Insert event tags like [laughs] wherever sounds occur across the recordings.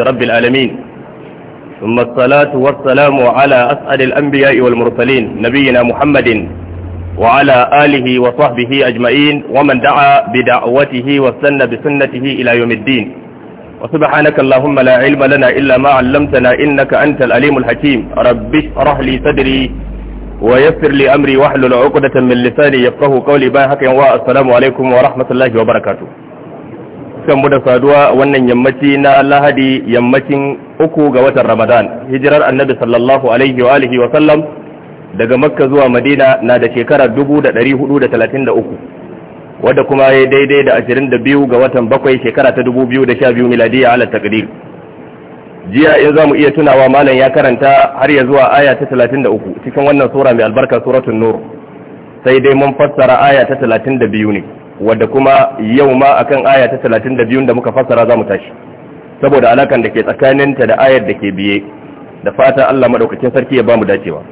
رب العالمين ثم الصلاة والسلام على أسعد الأنبياء والمرسلين نبينا محمد وعلى آله وصحبه أجمعين ومن دعا بدعوته واستنى بسنته إلى يوم الدين وسبحانك اللهم لا علم لنا إلا ما علمتنا إنك أنت الأليم الحكيم رب اشرح لي صدري ويسر لي أمري واحلل عقدة من لساني يفقه قولي باهك والسلام عليكم ورحمة الله وبركاته barkanmu da saduwa wannan yammaci na lahadi yammacin uku ga watan ramadan hijirar annabi sallallahu alaihi wa alihi wa sallam daga makka zuwa madina na da shekarar 1433 wadda kuma ya daidai da 22 ga watan bakwai shekara ta 2012 miladiyya ala taqdir jiya in za mu iya tunawa malam ya karanta har ya zuwa aya ta 33 cikin wannan sura mai albarka suratul nur sai dai mun fassara aya ta 32 ne wadda kuma yau ma akan aya ta 32 da muka fassara za mu tashi saboda alakan da ke tsakaninta da ayar da ke biye da fata Allah madaukakin sarki ya bamu dacewa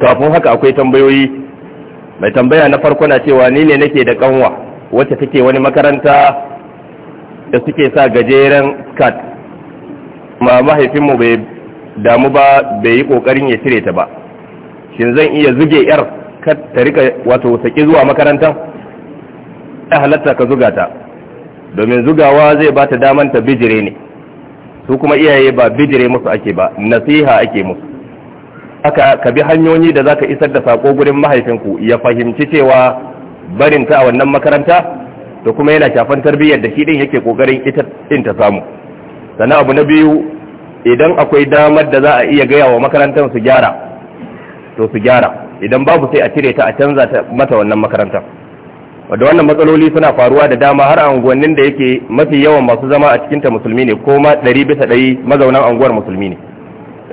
kafin haka akwai tambayoyi mai tambaya na farko na cewa ni ne nake da kanwa wacce take wani makaranta da suke sa gajeren skirt ma mahaifinmu bai damu ba bai yi kokarin ya cire ta ba shin zan iya zuge yar ta rika wato saki zuwa makarantar ta halatta ka zuga ta domin zugawa zai ba ta daman ta bijire ne su kuma iyaye ba bijire musu ake ba nasiha ake musu haka ka bi hanyoyi da zaka isar da sako gurin mahaifinku ya fahimci cewa barin ta a wannan makaranta to kuma yana shafan tarbiyyar da shi din yake kokarin ita din ta samu sannan abu na biyu idan akwai damar da za a iya gaya wa makarantar su gyara to su gyara idan babu sai a cire ta a canza ta mata wannan makarantar wanda wannan matsaloli suna faruwa da dama har a unguwannin da yake mafi yawan masu zama a cikinta musulmi ne ko ma ɗari bisa ɗari mazaunan unguwar musulmi ne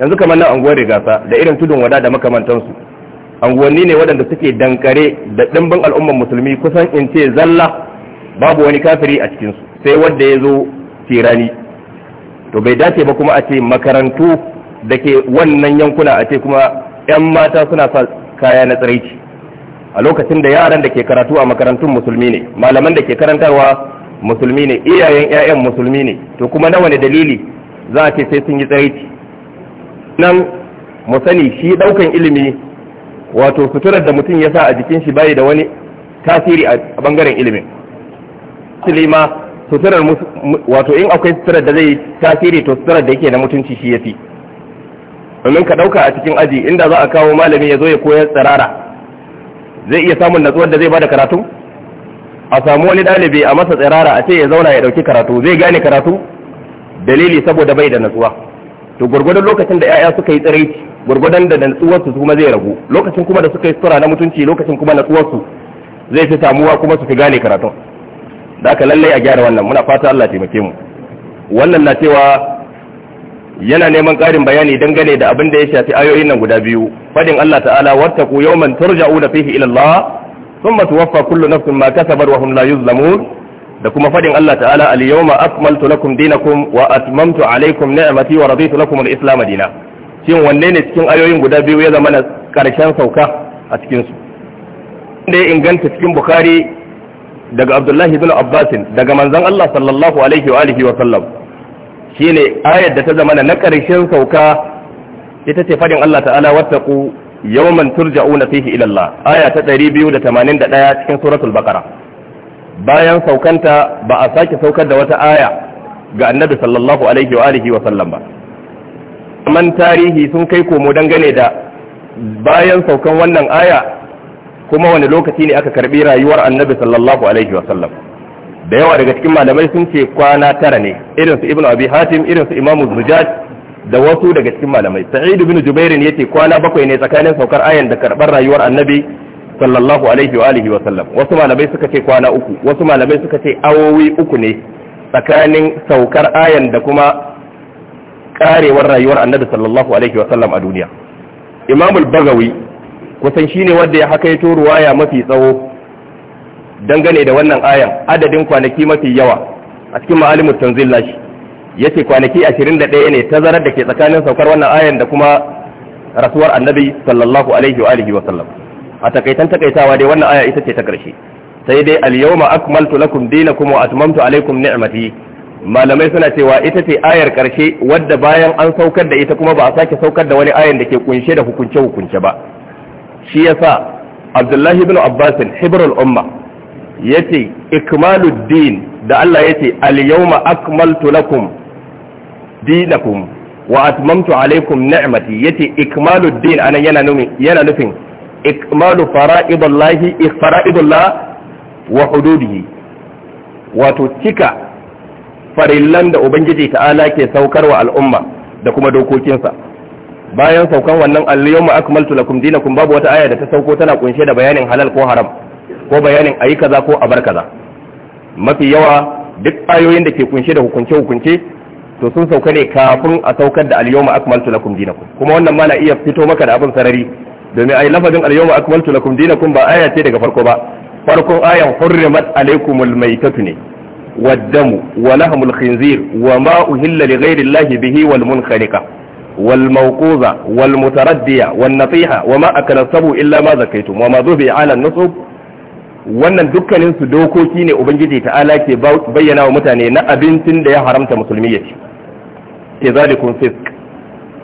yanzu kamar nan anguwar rigasa da irin tudun wada da makamantansu anguwanni ne waɗanda suke dankare da ɗimbin al'ummar musulmi kusan in ce zalla babu wani kafiri a cikinsu sai wanda ya zo tirani to bai dace ba kuma a ce makarantu da ke wannan yankuna a ce kuma 'yan mata suna sa kaya na tsiraici a lokacin da yaran da ke karatu a makarantun musulmi ne malaman da ke karantarwa musulmi ne iyayen 'ya'yan musulmi ne to kuma na wani dalili za a ce sai sun yi tsaraici nan mu sani shi daukan ilimi wato suturar da mutum ya sa a jikin shi bayi da wani tasiri a bangaren ilimin silima suturar wato in akwai suturar da zai tasiri to suturar da yake na mutunci shi yafi domin ka ɗauka a cikin aji inda za a kawo malami ya zo ya koyar tsirara zai iya samun natsuwar da zai bada karatu a samu wani ɗalibi a masa tsirara a ce ya zauna ya ɗauki karatu zai gane karatu dalili saboda bai da natsuwa to gwargwadon lokacin da 'ya'ya suka yi tsiraici gwargwadon da natsuwarsu kuma zai ragu lokacin kuma da suka yi sutura na mutunci lokacin kuma natsuwarsu zai fi samuwa kuma su fi gane karatu da aka lallai a gyara wannan muna fata Allah taimake mu wannan na cewa yana neman ƙarin bayani dangane da abin da ya shafi ayoyin nan guda biyu fadin Allah ta'ala wattaqu yawman turja'una fihi ila Allah thumma tuwaffa kullu nafsin ma kasabat wa hum la yuzlamun da kuma fadin Allah ta'ala al yawma akmaltu lakum dinakum wa atmamtu alaykum ni'mati wa raditu lakum al islam dina shin wanne ne cikin ayoyin guda biyu ya zama na karshen sauka a cikin su da ya inganta cikin bukhari daga abdullahi bin abbasin daga manzon Allah sallallahu alaihi wa alihi wa sallam shine ayar da ta zama na ƙarshen sauka ita ce fadin Allah ta'ala wattaqu yawman turja'una fihi ila Allah aya ta 281 cikin suratul baqara bayan saukanta ba a sake saukar da wata aya ga annabi sallallahu alaihi wa alihi wa sallam ba man tarihi sun kai komo dangane da bayan saukan wannan aya kuma wani lokaci ne aka karbi rayuwar annabi sallallahu alaihi wa sallam da yawa daga cikin malamai sun ce kwana tara ne irin su ibnu abi hatim irin su imamu zujaj da wasu daga cikin malamai sa'id ibn jubair ne yace kwana bakwai ne tsakanin saukar ayan da karbar rayuwar annabi sallallahu alaihi wa alihi wa sallam wasu malamai suka ce kwana uku wasu malamai suka ce awowi uku ne tsakanin saukar ayan da kuma karewar rayuwar annabi sallallahu alaihi wa sallam a duniya imamul bagawi kusan shine wanda ya haka ya hakaito ruwaya mafi tsawo dangane da wannan ayan adadin kwanaki mafi yawa a cikin ma'alimu tanzil lashi ce kwanaki 21 ne tazarar da ke tsakanin saukar wannan ayan da kuma rasuwar annabi sallallahu alaihi wa alihi wa sallam a takaitan takaitawa dai wannan aya ita ce ta karshe sai dai al-yawma akmaltu lakum dinakum wa atmamtu alaikum ni'mati malamai suna cewa ita ce ayar karshe wadda bayan an saukar da ita kuma ba a sake saukar da wani ayan da ke kunshe da hukunce hukunce ba shi yasa Abdullahi ibn abbasin hibrul umma yace ikmaluddin da Allah ya yace al-yawma akmaltu lakum dinakum wa atmamtu alaikum ni'mati yace ikmaluddin anan yana nufin yana nufin ikmalu fara'idullahi fara'idullah wa hududihi wato cika farillan da ubangiji ta'ala ke saukarwa al'umma da kuma dokokinsa bayan saukan wannan al-yawma akmaltu lakum dinakum babu wata aya da ta sauko tana kunshe da bayanin halal ko haram ko bayanin a yi kaza ko a bar kaza mafi yawa duk ayoyin da ke kunshe da hukunce hukunce to sun sauka ne kafin a saukar da al-yawma akmaltu lakum dinakum kuma wannan ma na iya fito maka da abin sarari domin ai lafazin al-yawma akmaltu lakum dinakum ba aya ce daga farko ba farkon ayan hurrimat alaykumul maytatu ne والدم ولحم الخنزير وما أهل لغير الله به والمنخنقة والموقوذة والمتردية والنطيحة وما أكل السبو إلا ما ذكيتم وما ذبي على النصب wannan dukkanin su dokoki ne ubangiji ta'ala ke bayyana wa mutane na abincin da ya haramta musulmi ya ci ke zalikun fisk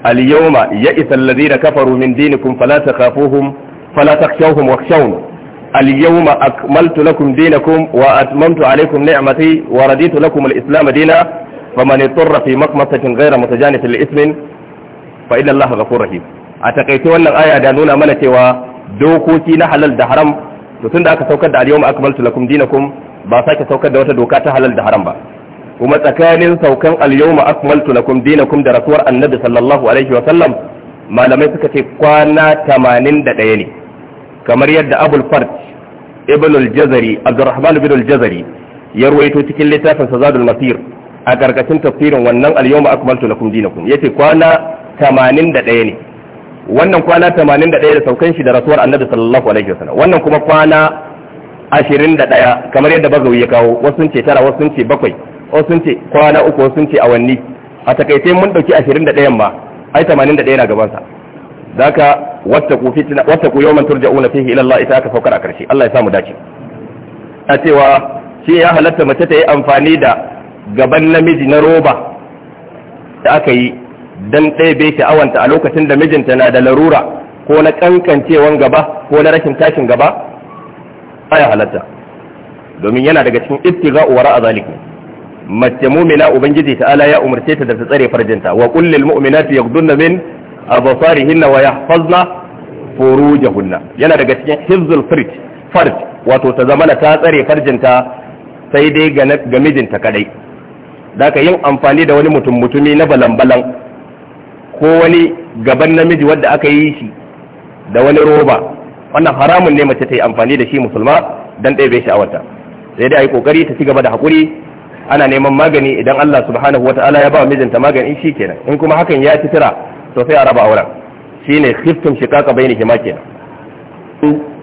al-yawma ya'isa alladhina kafaru min dinikum fala takhafuhum fala takhshawhum wakhshawni اليوم أكملت لكم دينكم وأتممت عليكم نعمتي ورديت لكم الإسلام دينا فمن اضطر في مقمصة غير متجانف a فإن wannan aya da nuna mana cewa dokoki na halal da haram. to da aka saukar da al-yawma akmaltu lakum dinakum ba sake saukar da wata doka ta halal da haram ba kuma tsakanin saukan al-yawma akmaltu lakum dinakum da rasuwar annabi sallallahu alaihi wa sallam malamai suka ce kwana tamanin da 81 ne kamar yadda abul fard ibn al-jazari abdurrahman ibn al-jazari ya ruwaito cikin littafin sazadul masir a karkashin tafsirin wannan al-yawma akmaltu lakum dinakum yace kwana tamanin da 81 ne wannan kwana 81 da saukan shi da rasuwar annabi sallallahu alaihi wasallam wannan kuma kwana 21 kamar yadda bazawi ya kawo wasu sun ce tara wasu sun ce bakwai wasu sun ce kwana uku wasu sun ce awanni a takaice mun dauki 21 ma ai 81 na gaban sa zaka wattaqu fitna ku yawman turja'una fihi ila Allah ita aka saukar a karshe Allah ya samu dace a cewa shi ya halatta mace ta yi amfani da gaban namiji na roba da aka yi dan ɗebe sha'awanta a lokacin da mijinta na da larura ko na kankancewan gaba ko na rashin tashin gaba Aya halatta domin yana daga cikin ittiga wara a zalik mace mumina ubangiji ta'ala ya umarce ta da ta tsare farjinta wa qul lil mu'minati yaghdunna min absarihinna wa yahfazna furujahunna yana daga cikin hifzul farj farj wato ta zamana ta tsare farjinta sai dai ga mijinta kadai da yin amfani da wani mutum mutumi na balan-balan ko wani gaban namiji wadda aka yi shi da wani roba wannan haramun ne mace ta yi amfani da shi musulma dan ɗaya sha'awarta sai dai a yi kokari ta ci gaba da haƙuri ana neman magani idan Allah subhanahu wa ta'ala ya ba mijinta magani shi kenan in kuma hakan ya ci tira to sai a raba auren shine khiftum shiqaqa bainihima kenan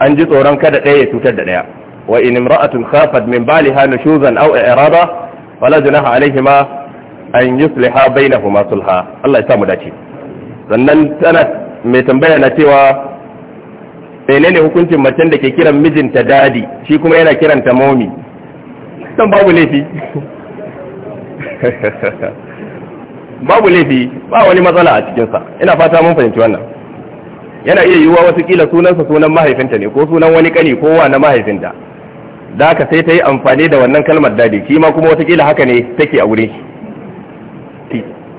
an ji tsoron kada ɗaya ya cutar da ɗaya wa in imra'atun khafat min baliha nushuzan aw i'rada fala junaha alaihima an yusliha bainahuma sulha Allah ya sa mu dace sannan tana mai tambaya na cewa menene hukuncin macen da ke kiran mijinta dadi shi kuma yana kiran ta momi dan babu laifi [laughs] babu laifi ba wani matsala a cikinsa ina fata mun fahimci wannan yana iya yiwuwa wasu kila sunansa sunan mahaifinta ne ko sunan wani kani ko wa na mahaifinta da ka sai ta yi amfani da wannan kalmar dadi shi ma kuma kila haka ne take a wurin shi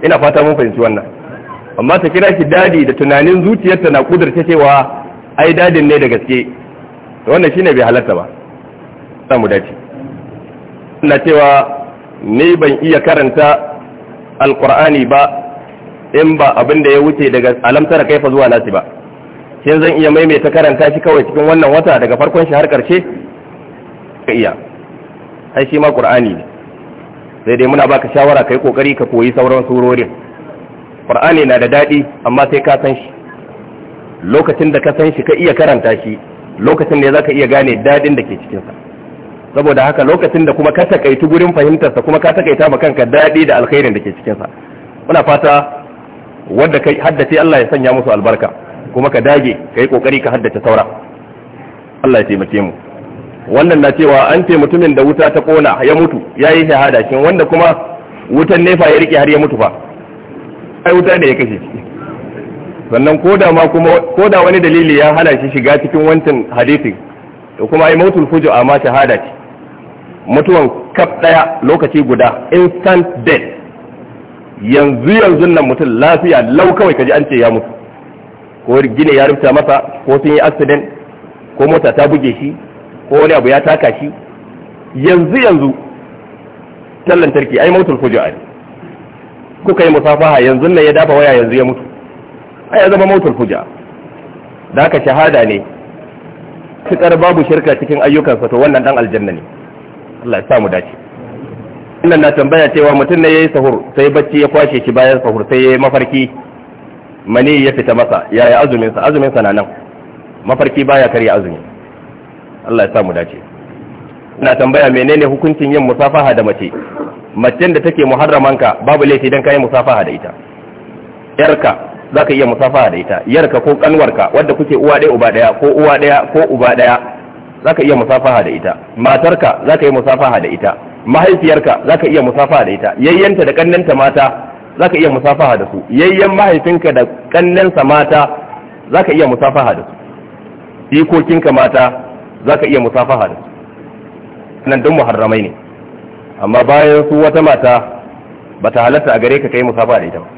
ina fata mun fahimci wannan amma ta kira ki dadi da tunanin zuciyarta na kudurta cewa ai dadin ne da gaske to wannan shine bai halatta ba samu dace ina cewa ni ban iya karanta alqur'ani ba in ba abin da ya wuce daga alamtara kaifa zuwa nasi ba shin zan iya maimaita karanta shi kawai cikin wannan wata daga farkon shi har karshe ka iya ai shi ma qur'ani ne sai dai muna baka shawara kai kokari ka koyi sauran surorin qur'ani na da dadi amma sai ka san shi lokacin da ka san shi ka iya karanta shi lokacin da zaka iya gane dadin da ke cikin sa saboda haka lokacin da kuma ka takaitu gurin fahimtar sa kuma ka takaita ma kanka dadi da alkhairin da ke cikin sa muna fata wanda kai haddace Allah ya sanya musu albarka kuma ka dage kai kokari ka haddace saura Allah ya taimake mu wannan na cewa an ce mutumin da wuta ta kona ya mutu ya yi shahada shin wanda kuma wutan nefa ya rike har ya mutu fa ai wuta da ya kashe shi sannan koda ma kuma koda wani dalili ya hana shi shiga cikin wancan hadisin to kuma ai mautul fujo amma shahada ce mutuwan kaf daya lokaci guda instant death yanzu yanzu nan mutum lafiya lau kawai kaji an ce ya mutu ko gine ya rubuta masa ko sun yi accident ko mota ta buge shi ko wani abu ya taka shi yanzu yanzu tallan lantarki ai mautul fuju'a ne kuka yi musafaha yanzu ne ya dafa waya yanzu ya mutu ai ya zama mautul fujar. da ka shahada ne fitar babu shirka cikin ayyukansa to wannan dan aljanna ne Allah ya sa mu dace wannan na tambaya cewa mutum ne yayi sahur sai bacci ya kwashe shi bayan sahur sai yayi mafarki mani ya fita masa yaya azumin sa azumin sa na nan mafarki baya kare azumi Allah ya samu dace ina tambaya menene hukuncin yin musafaha da mace macen da take muharramanka babu laifi dan kai musafaha da ita yarka zaka iya musafaha da ita yarka ko kanwarka wadda kuke uwa ɗaya uba ɗaya ko uwa ɗaya ko uba ɗaya zaka iya musafaha da ita matarka zaka iya musafaha da ita mahaifiyarka zaka iya musafaha da ita yayyanta da kannanta mata zaka iya musafaha da su yayyan mahaifinka da kannansa mata zaka iya musafaha da su jikokinka mata Za ka iya musafaha da nan don muharramai ne amma bayan su wata mata ba ta halatta a gare ka kai musafaha da ita ba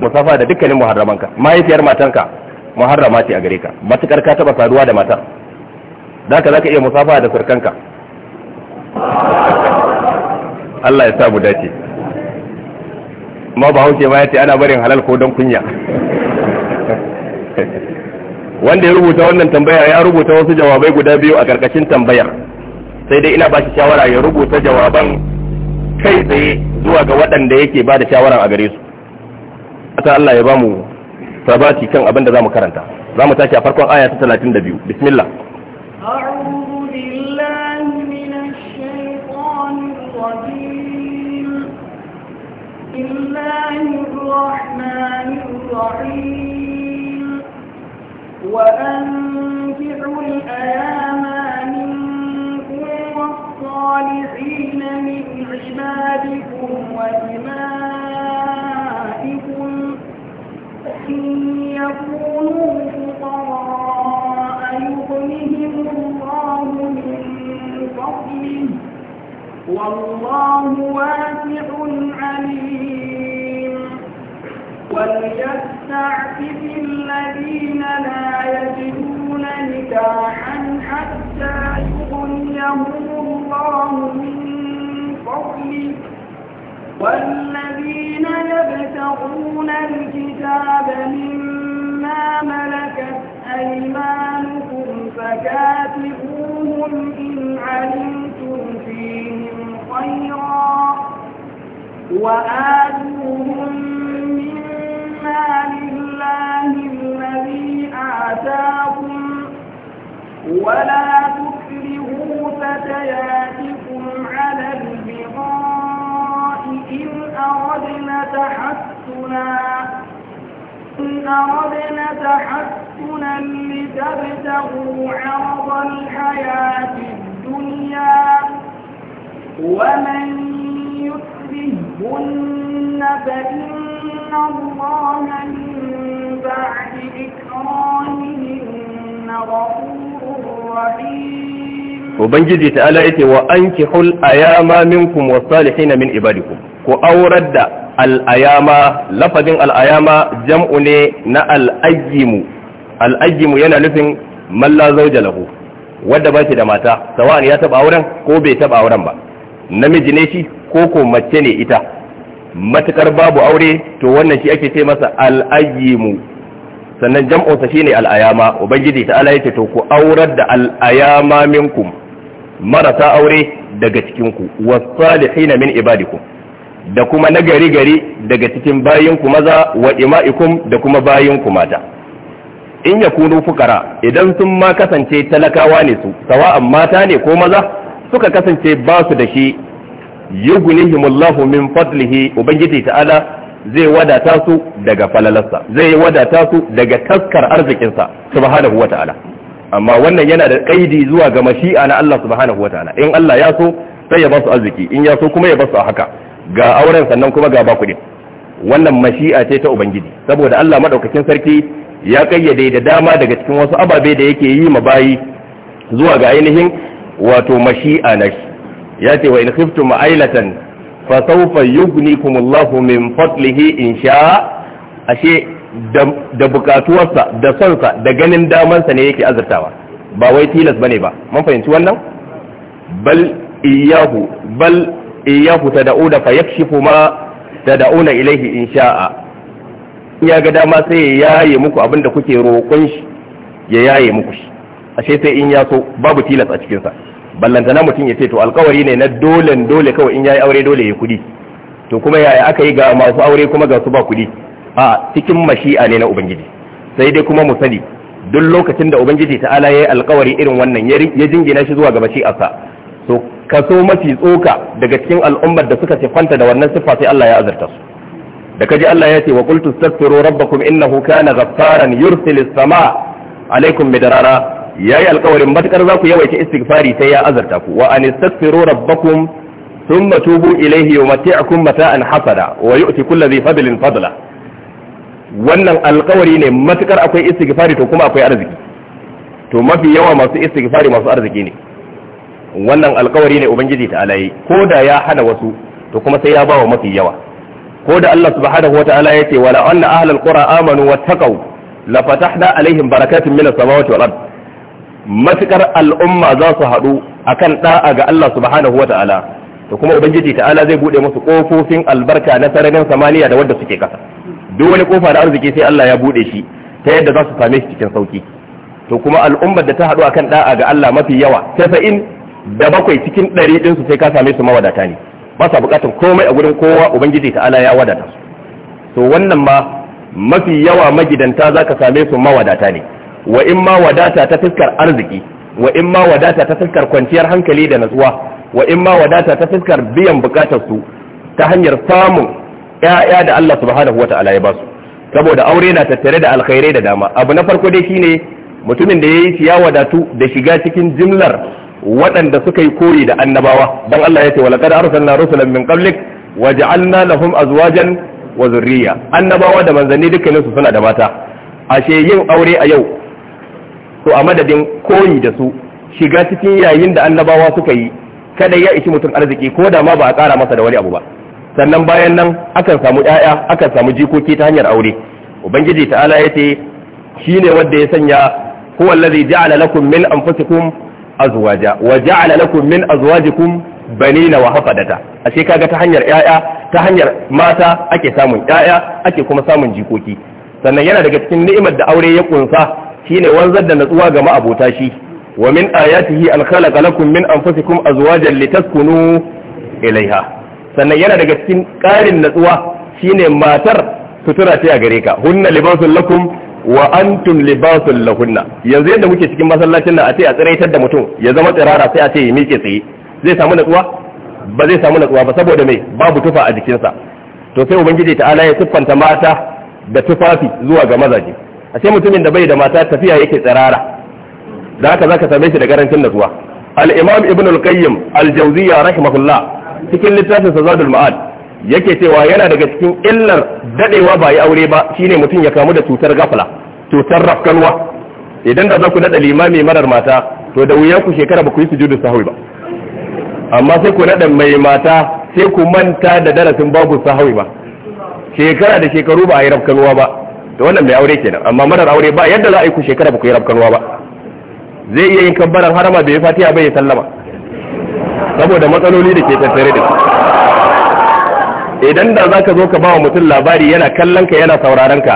musafaha da dukkanin muharramanka mahaifiyar matanka muharrama ce a gare ka matukar ka taba saduwa da matar za ka iya musafaha da surkanka Allah ya sa mu dace ma ba hauke ma ya ce ana barin halal ko don kunya [laughs] wanda ya rubuta wannan tambaya ya rubuta wasu jawabai guda biyu a karkashin tambayar sai dai ina ba shawara ya rubuta jawaban kai tsaye zuwa ga waɗanda yake ba da shawara a gare su ta Allah ya bamu sabati kan abin da zamu karanta zamu tashi a farkon aya ta 32 bismillah a'udhu billahi minash وأنكحوا الأيام منكم والصالحين من عبادكم وإمائكم إن يكونوا فقراء يغنهم الله من فضله والله واسع عليم وليستعفف الذين لا يجدون نكاحا حتى يغنيهم الله من فضله والذين يبتغون الكتاب مما ملكت أيمانكم فكاتبوهم إن علمتم فيهم خيرا وآل ولا تكرهوا فتياتكم على البغاء إن أردنا تحسنا إن أردنا تحسنا لتبتغوا عرض الحياة الدنيا ومن يكرهن فإن الله من بعد إكراههن غفور ubangiji ala yake wa hul ayama minkum salihin min ibadikum ko aurar da al'ayama lafazin al'ayama jam'u ne na al'ayyimu al'ayyimu yana nufin malla zauja lahu wadda ba da mata sawa'an ya taba auren ko bai taba auren ba namiji ne shi ko ko mace ne ita matukar babu aure to wannan shi ake ce masa al'ayyimu sannan shi ne al'ayama ubangiji ta ala yace to ku aurar da al'ayama minkum marasa aure daga cikin ku min ibadikum da kuma na gari gari daga cikin bayinku maza wa ima'ikum da kuma bayinku mata in kunu fukara idan sun ma kasance talakawa ne su sawa'an mata ne ko maza suka kasance ba su da shi yughnihimullahu min fadlihi ubangiji ta'ala zai wadata su daga falalarsa zai wadata su daga taskar arzikinsa subhanahu wa ta'ala amma wannan yana da kaidi zuwa ga mashi'a na Allah subhanahu wa ta'ala in Allah ya so sai ya ba su arziki in ya so kuma ya ba su a haka ga auren sannan kuma ga ba kuɗi wannan mashi'a ce ta ubangiji saboda Allah madaukakin sarki ya kayyade da dama daga cikin wasu ababe da yake yi ma bayi zuwa ga ainihin wato mashi'a na shi ya ce wa in khiftum ailatan fa sawfa yughnikum Allahu min fadlihi in sha ashe da bukatuwarsa da sonsa da ganin damansa ne yake azurtawa ba wai tilas bane ba mun fahimci wannan bal iyahu bal iyahu tad'una fa yakshifu ma tad'una ilayhi in sha'a ya ga dama sai ya yaye muku abinda kuke roƙon shi ya yaye muku shi ashe sai in ya so babu tilas a cikin sa ballantana mutum ya ce to alkawari ne na dole dole kawai in yi aure dole ya kudi to kuma yaya aka yi ga masu aure kuma ga su ba kudi a cikin mashi'a ne na ubangiji sai dai kuma mu sani duk lokacin da ubangiji ta'ala yi alkawari irin wannan ya jingina shi zuwa ga mashi'arsa to kaso mafi tsoka daga cikin al'ummar da suka sifanta da wannan siffa sai Allah ya azurta su da kaji Allah ya ce wa rabba astaghfiru rabbakum innahu kana ghaffaran yursilis samaa alaikum Midarara. yayi alƙawarin matukar za ku yawaita istighfari sai ya azarta ku wa an istaghfiru rabbakum thumma tubu ilayhi yumati'ukum mata'an hasada wa yu'ti kulli dhi fadlin fadla wannan alƙawari ne matukar akwai istighfari to kuma akwai arziki to mafi yawa masu istighfari masu arziki ne wannan alƙawari ne ubangiji ta yi ko da ya hana wasu to kuma sai ya bawa mafi yawa ko da Allah subhanahu wa ta'ala yace wala anna ahlal qura amanu wattaqu la fatahna alaihim barakatun minas samawati wal ardh matukar al'umma za su haɗu a kan ɗa'a ga Allah subhanahu wa ta'ala to kuma ubangiji ta'ala zai buɗe musu ƙofofin albarka na sararin samaniya da wanda suke kasa duk wani kofa da arziki sai Allah ya buɗe shi ta yadda za su same shi cikin sauki to kuma al'ummar da ta haɗu akan ɗa'a ga Allah mafi yawa tasa'in da bakwai cikin ɗari ɗin su sai ka same su mawadata ne ba sa buƙatar komai a gurin kowa ubangiji ta'ala ya wadata su to wannan ma mafi yawa magidanta za ka same su mawadata ne wa in ma wadata ta fuskar arziki wa in ma wadata ta fuskar kwanciyar hankali da natsuwa wa in ma wadata ta fuskar biyan bukatar su ta hanyar samun ya'ya da Allah subhanahu ta'ala ya basu saboda aure na tattare da alkhairai da dama abu na farko dai shine mutumin da yayi ya wadatu da shiga cikin jimlar waɗanda suka yi koyi da annabawa dan Allah ya ce walaqad arsalna rusulan min qablik waja'alna lahum azwajan wa zurriya annabawa da manzanni dukkaninsu suna da mata ashe yin aure a yau to a madadin koyi da su shiga cikin yayin da annabawa suka yi kada ya ishi mutum arziki ko da ma ba a ƙara masa da wani abu ba sannan bayan nan akan samu ƴaƴa akan samu jikoki ta hanyar aure ubangiji ta'ala ya ce shine wanda ya sanya huwa allazi ja'ala lakum min anfusikum azwaja wa ja'ala lakum min azwajikum banina wa hafadata ashe kaga ta hanyar ƴaƴa ta hanyar mata ake samun ƴaƴa ake kuma samun jikoki sannan yana daga cikin ni'imar da aure ya kunsa shine wanzar da natsuwa ga ma'abota shi wa min ayatihi an khalaqa lakum min anfusikum azwajan litaskunu ilaiha sannan yana daga cikin ƙarin natsuwa shine matar sutura ce a gare ka hunna libasul lakum wa antum libasul lahunna yanzu yadda muke cikin masallacin nan a ce a tsiraitar da mutum ya zama tsirara sai a ce ya miƙe tsaye zai samu natsuwa ba zai samu natsuwa ba saboda mai babu tufa a jikinsa to sai ubangiji ta'ala ya tuffanta mata da tufafi zuwa ga mazaje a ce mutumin da bai da mata tafiya yake tsirara da haka zaka same shi da garancin natsuwa al-imam ibn al-qayyim al-jawziyya rahimahullah cikin littafin zadul ma'ad yake cewa yana daga cikin illar dadewa ba yi aure ba shine mutum ya kamu da cutar gafla cutar rafkanwa idan da za ku nada limami marar mata to da wuya ku shekara ba ku yi sujudu sahwi ba amma sai ku nada mai mata sai ku manta da darasin babu sahwi ba shekara da shekaru ba a yi rafkanwa ba da wannan mai aure kenan amma marar aure ba yadda za a yi ku shekara ba ku yi rabkanwa ba zai iya yin kabbaran harama bai fatiha bai ya sallama saboda matsaloli da ke tattare da su idan da za ka zo ka bawa mutum labari yana kallon ka yana sauraron ka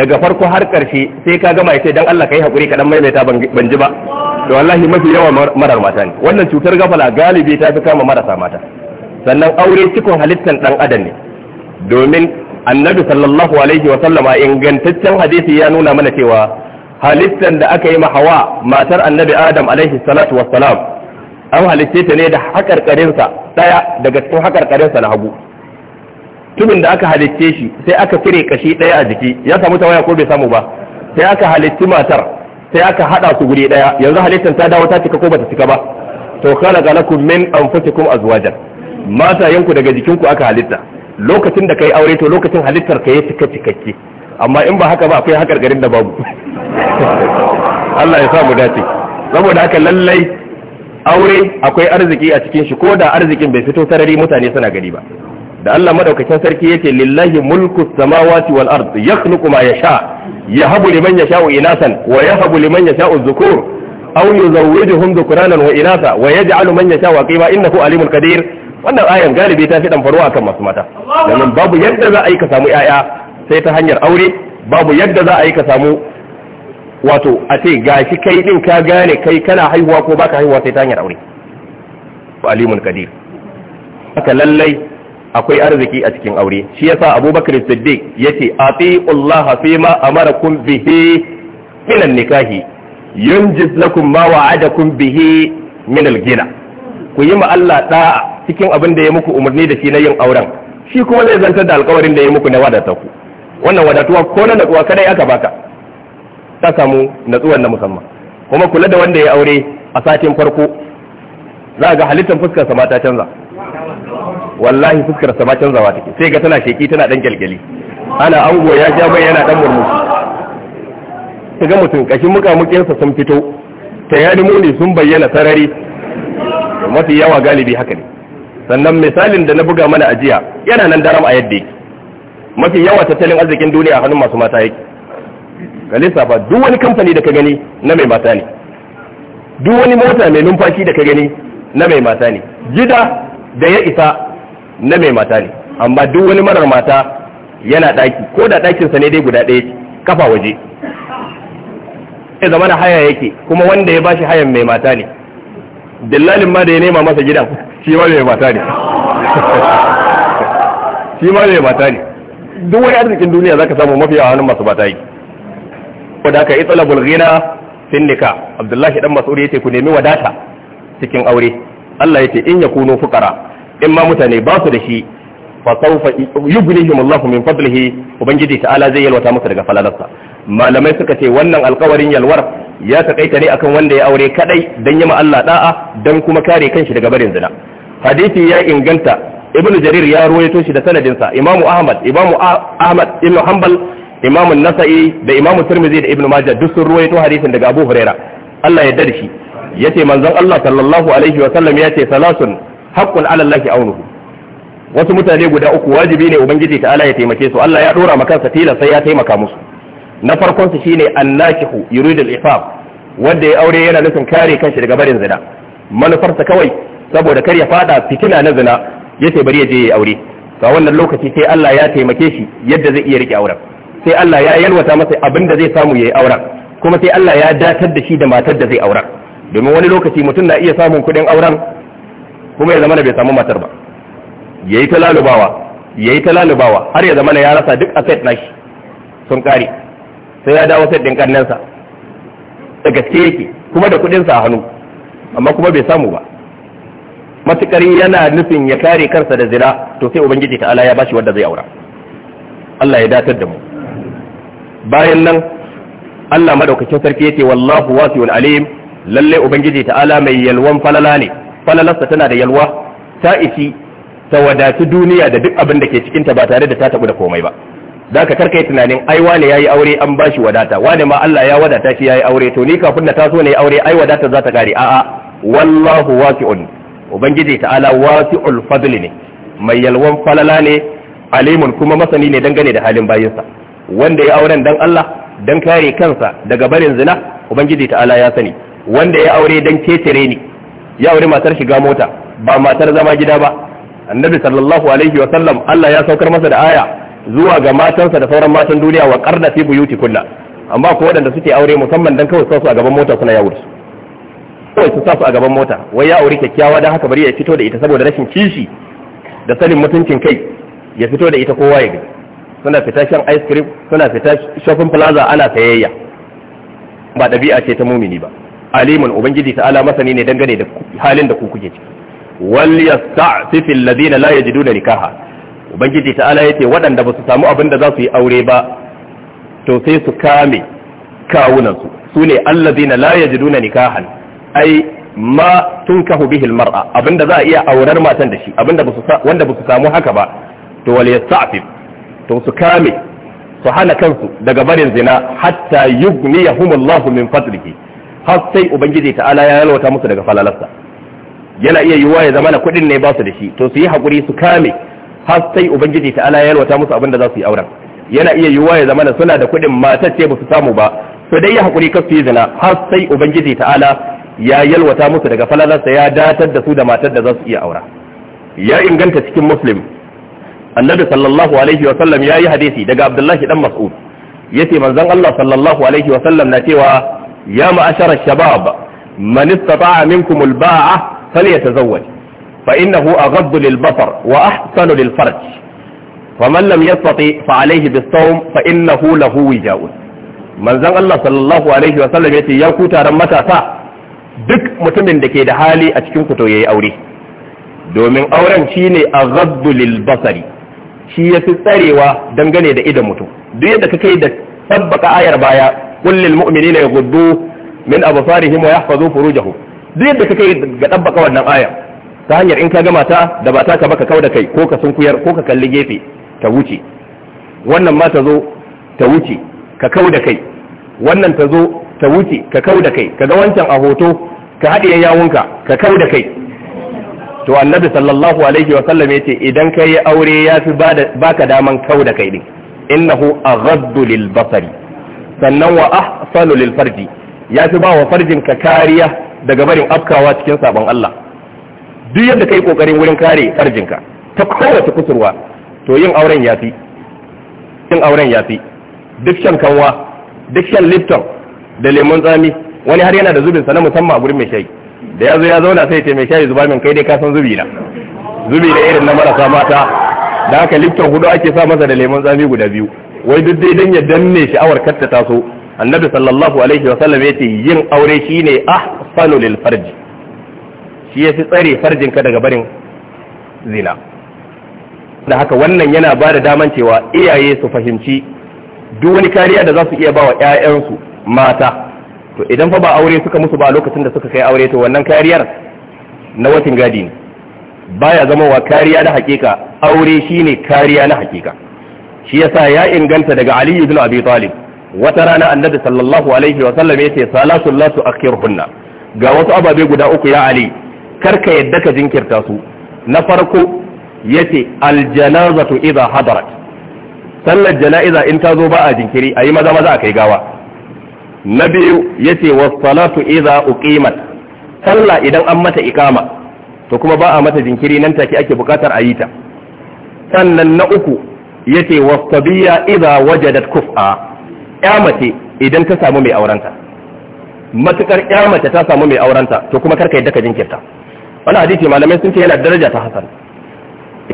daga farko har ƙarshe sai ka gama ya ce dan Allah ka yi haƙuri kaɗan maimaita ban ji ba to wallahi mafi yawa marar mata ne wannan cutar gafala galibi ta fi kama marasa mata sannan aure cikon halittar ɗan adam ne domin annabi sallallahu alaihi wa ingantaccen hadisi ya nuna mana cewa halittan da aka yi hawa matar annabi adam alaihi salatu wassalam an halitte ta ne da haƙarƙarinsa ɗaya daga cikin haƙarƙarinsa na hagu tubin da aka halitte shi sai aka cire kashi ɗaya a jiki ya samu tawaya ko bai samu ba sai aka halitti matar sai aka haɗa su guri ɗaya yanzu halittan ta dawo ta cika ko bata cika ba to khalaqa lakum min anfusikum azwajan mata yanku daga jikinku aka halitta lokacin da kai aure to lokacin halittar ka ya cika cikakke amma in ba haka ba akwai hakar garin da babu [laughs] Allah ya sa mu dace saboda haka lallai aure akwai arziki a cikin shi ko da arzikin bai fito sarari mutane suna gari ba da Allah madaukakin sarki yake lillahi mulku samawati wal ard yakhluqu ma yasha yahabu liman yasha'u inasan wa yahabu liman yasha'u dhukur aw yuzawwijuhum dhukranan wa inatha wa yaj'alu man yasha'u qima innahu alimul qadir wannan ayan galibi ta fi a kan masu mata domin babu yadda za a yi ka samu yaya sai ta hanyar aure babu yadda za a yi ka samu wato a ce gashi kai din ka gane kai kana haihuwa ko baka haihuwa sai ta hanyar aure alimun kadir haka lallai akwai arziki a cikin aure shi yasa abubakar siddiq yace atiullaha fi ma amarakum bihi min nikahi yunjiz lakum ma wa'adakum bihi min al-ghina ku yi Allah da'a cikin abin da ya muku umarni da shi na yin auren shi kuma zai zanta da alkawarin da ya muku na wadata ku wannan wadatuwa ko na natsuwa kadai aka baka ta samu natsuwar na musamman kuma kula da wanda ya aure a satin farko za ga halittar fuskar sa ta canza wallahi fuskar sa ma canzawa take sai ga tana sheki tana dan gelgeli ana ango ya ja mai yana dan murmushi ta ga mutum kashin mukin sa sun fito ta yani muni sun bayyana sarari mafi yawa galibi haka ne sannan misalin da na buga mana ajiya yana nan daram a yadda yake mafi yawa tattalin arzikin duniya a hannun masu mata yake ka lissafa duk wani kamfani da ka gani na mai mata ne duk wani mota mai numfashi da ka gani na mai mata ne gida da ya isa na mai mata ne amma duk wani marar mata yana daki ko da sa ne dai guda ɗaya kafa waje ya zama da haya yake kuma wanda ya bashi hayan mai mata ne dillalin ma da ya nema masa gidan shi ma mata ne shi ma mai mata ne duk wani arzikin duniya zaka samu mafi a hannun masu mata yi wadda ka itsalabul ghina fin nika abdullahi dan mas'ud yace ku nemi wadata cikin aure Allah yace in ya kuno fukara in ma mutane ba su da shi fa sawfa yughnihim Allahu min fadlihi ubangiji ta'ala zai yalwata musu daga falalarsa malamai suka ce wannan alƙawarin yalwar ya takaita ne akan wanda ya aure kadai dan yima Allah da'a dan kuma kare kanshi daga barin zina hadisi ya inganta ibn jarir ya ruwaito shi da sanadin sa imamu ahmad imamu ahmad ibn hanbal imamu nasa'i da imamu tirmidhi da ibn majah duk sun ruwaito hadisin daga abu huraira Allah ya yarda shi yace manzon Allah sallallahu alaihi wa sallam yace salasun haqqun ala allahi aunuhu wasu mutane guda uku wajibi ne ubangiji ta'ala ya taimake su Allah ya dora maka satila sai ya taimaka musu na farkon su shine annakihu yuridu al-ifaf wanda ya aure yana nufin kare kanshi daga barin zina manufarsa kawai saboda kar ya fada fitina na zina yace bari ya je ya aure ga wannan lokaci sai Allah ya taimake shi yadda zai iya rike auren sai Allah ya yalwata masa abin da zai samu yayi auren kuma sai Allah ya datar da shi da matar da zai auren domin wani lokaci mutum na iya samun kuɗin auren kuma ya zama bai samu matar ba yayi ta lalubawa yayi ta lalubawa har ya zama ya rasa duk asset nashi sun kare sai ya dawo sai ɗin ƙannensa da gaske yake kuma da kuɗinsa a hannu amma kuma bai samu ba matukar yana nufin ya kare kansa da zina to sai ubangiji ta'ala ya bashi wanda zai aura Allah ya datar da mu bayan nan Allah madaukakin sarki yake wallahu wasiun alim lalle ubangiji ta'ala mai yalwan falala ne falalarsa tana da yalwa ta isi ta wadatu duniya da duk abin da ke cikinta ba tare da ta tabu da komai ba da ka karkai tunanin ai wane yayi aure an bashi wadata wane ma Allah ya wadata shi yayi aure to ni kafin na taso ne aure ai wadata za ta kare a'a wallahu wasi'un ubangiji ta'ala wasi'ul fadli ne mai yalwan falala ne alimun kuma masani ne dangane da halin bayinsa wanda ya auren dan Allah dan kare kansa daga barin zina ubangiji ta'ala ya sani wanda ya aure dan kecere ni ya aure matar shiga mota ba matar zama gida ba annabi sallallahu alaihi wa sallam Allah ya saukar masa da aya zuwa ga matansa da sauran matan duniya wa karna fi buyuti kulla amma ko waɗanda suke aure musamman dan kawai su a gaban mota suna yawo su kawai su su a gaban mota wai ya aure kyakkyawa dan haka bari ya fito da ita saboda rashin kishi da sanin mutuncin kai ya fito da ita kowa ya gani suna fita shan ice cream suna fita shopping plaza ana sayayya ba ɗabi'a ce ta mumini ba alimun ubangiji ta'ala masani ne dangane da halin da ku kuke ciki wal yasta'fifil ladina la yajiduna nikaha ubangiji ta'ala yace waɗanda ba su samu abin da za su yi aure ba to sai su kame kawunansu su ne allazina la yajiduna nikahan ai ma tunkahu bihi almar'a abinda za a iya aurar matan da shi abinda ba su wanda ba su samu haka ba to wal yasta'fif to su kame su hana kansu daga barin zina hatta yughniyahumullahu min fadlihi har sai ubangiji ta'ala ya yalwata musu daga falalarsa yana iya yiwuwa ya zama na kuɗin ne ba su da shi to su yi hakuri su kame har sai ubangiji ta'ala ya yalwata musu abin da za su yi auren yana iya yiwuwa ya zamana suna da kuɗin matar ce ba su samu ba su dai ya hakuri kar su yi zina har sai ubangiji ta'ala ya yalwata musu daga falalarsa ya datar da su da matar da za su iya aura ya inganta cikin muslim annabi sallallahu alaihi wa sallam ya yi hadisi daga abdullahi dan mas'ud yace manzon Allah sallallahu alaihi wa sallam na cewa ya ma'ashara shabab man istata'a minkum al-ba'a falyatazawwaj فإنه أغض للبصر وأحسن للفرج فمن لم يستطع فعليه بالصوم فإنه له وجاء من زن الله صلى الله عليه وسلم يتي يوكو تارم متاسا duk mutumin da ke da hali a cikin kuto yayi aure domin auren shine aghaddu lil basari shi yafi tsarewa dangane da idan mutum duk yadda kake da sabbaka ayar baya qul lil mu'minina yaghuddu min absarihim wa yahfazu furujahum duk yadda kake wannan ayar ta hanyar in ka ga mata da ba ta ka baka kau da kai ko ka sunkuyar ko ka kalli gefe ta wuce wannan ma ta zo ta wuce ka kau da kai wannan ta zo ta wuce ka kau da kai ka ga wancan a hoto ka haɗiye yawunka ka kau da kai to annabi sallallahu alaihi wa sallam yace idan kai aure ya yafi baka daman kau da kai din innahu aghaddu lil basari sannan wa ahsanu lil farji fi ba wa farjin ka kariya daga barin afkawa cikin sabon Allah duk yadda kai kokarin wurin kare farjinka ta kowace kusurwa to yin auren fi yin auren fi duk shan kanwa duk shan lipton da lemon tsami wani har yana da zubin sa na musamman a gurin mai shayi da ya ya zauna sai ce mai shayi zuba min kai dai ka san zubi na zubi da irin na marasa mata da haka lipton hudu ake sa masa da lemon tsami guda biyu wai duk dai dan ya danne sha'awar awar ta taso annabi sallallahu alaihi wa sallam yace yin aure shine ahsanu lil farji shi ya fi tsare farjinka daga barin zina da haka wannan yana ba da daman cewa iyaye su fahimci duk wani kariya da za su iya ba wa 'ya'yansu mata to idan fa ba aure suka musu ba lokacin da suka kai aure to wannan kariyar na watin gadi ne baya zama wa kariya na hakika aure shine kariya na hakika shi yasa ya inganta daga aliyu ibn Abi Talib wata rana annabi sallallahu alaihi wa sallam yace salatu la tu'akhiruhunna ga wasu ababe guda uku ya Ali karka yadda ka jinkirta su na farko yace aljanazatu iza hadarat sallar jana'iza in ta zo ba a jinkiri ayi maza maza a kai gawa na biyu yace was salatu iza uqimat sallah idan an mata ikama to kuma ba a mata jinkiri nan take ake bukatar a yi ta sannan na uku yace was tabiya idha wajadat kuf'a ya mace idan ta samu mai aurenta matukar ya mace ta samu mai aurenta to kuma karka yadda ka jinkirta wannan hadisi malamai sun ce yana daraja ta hasan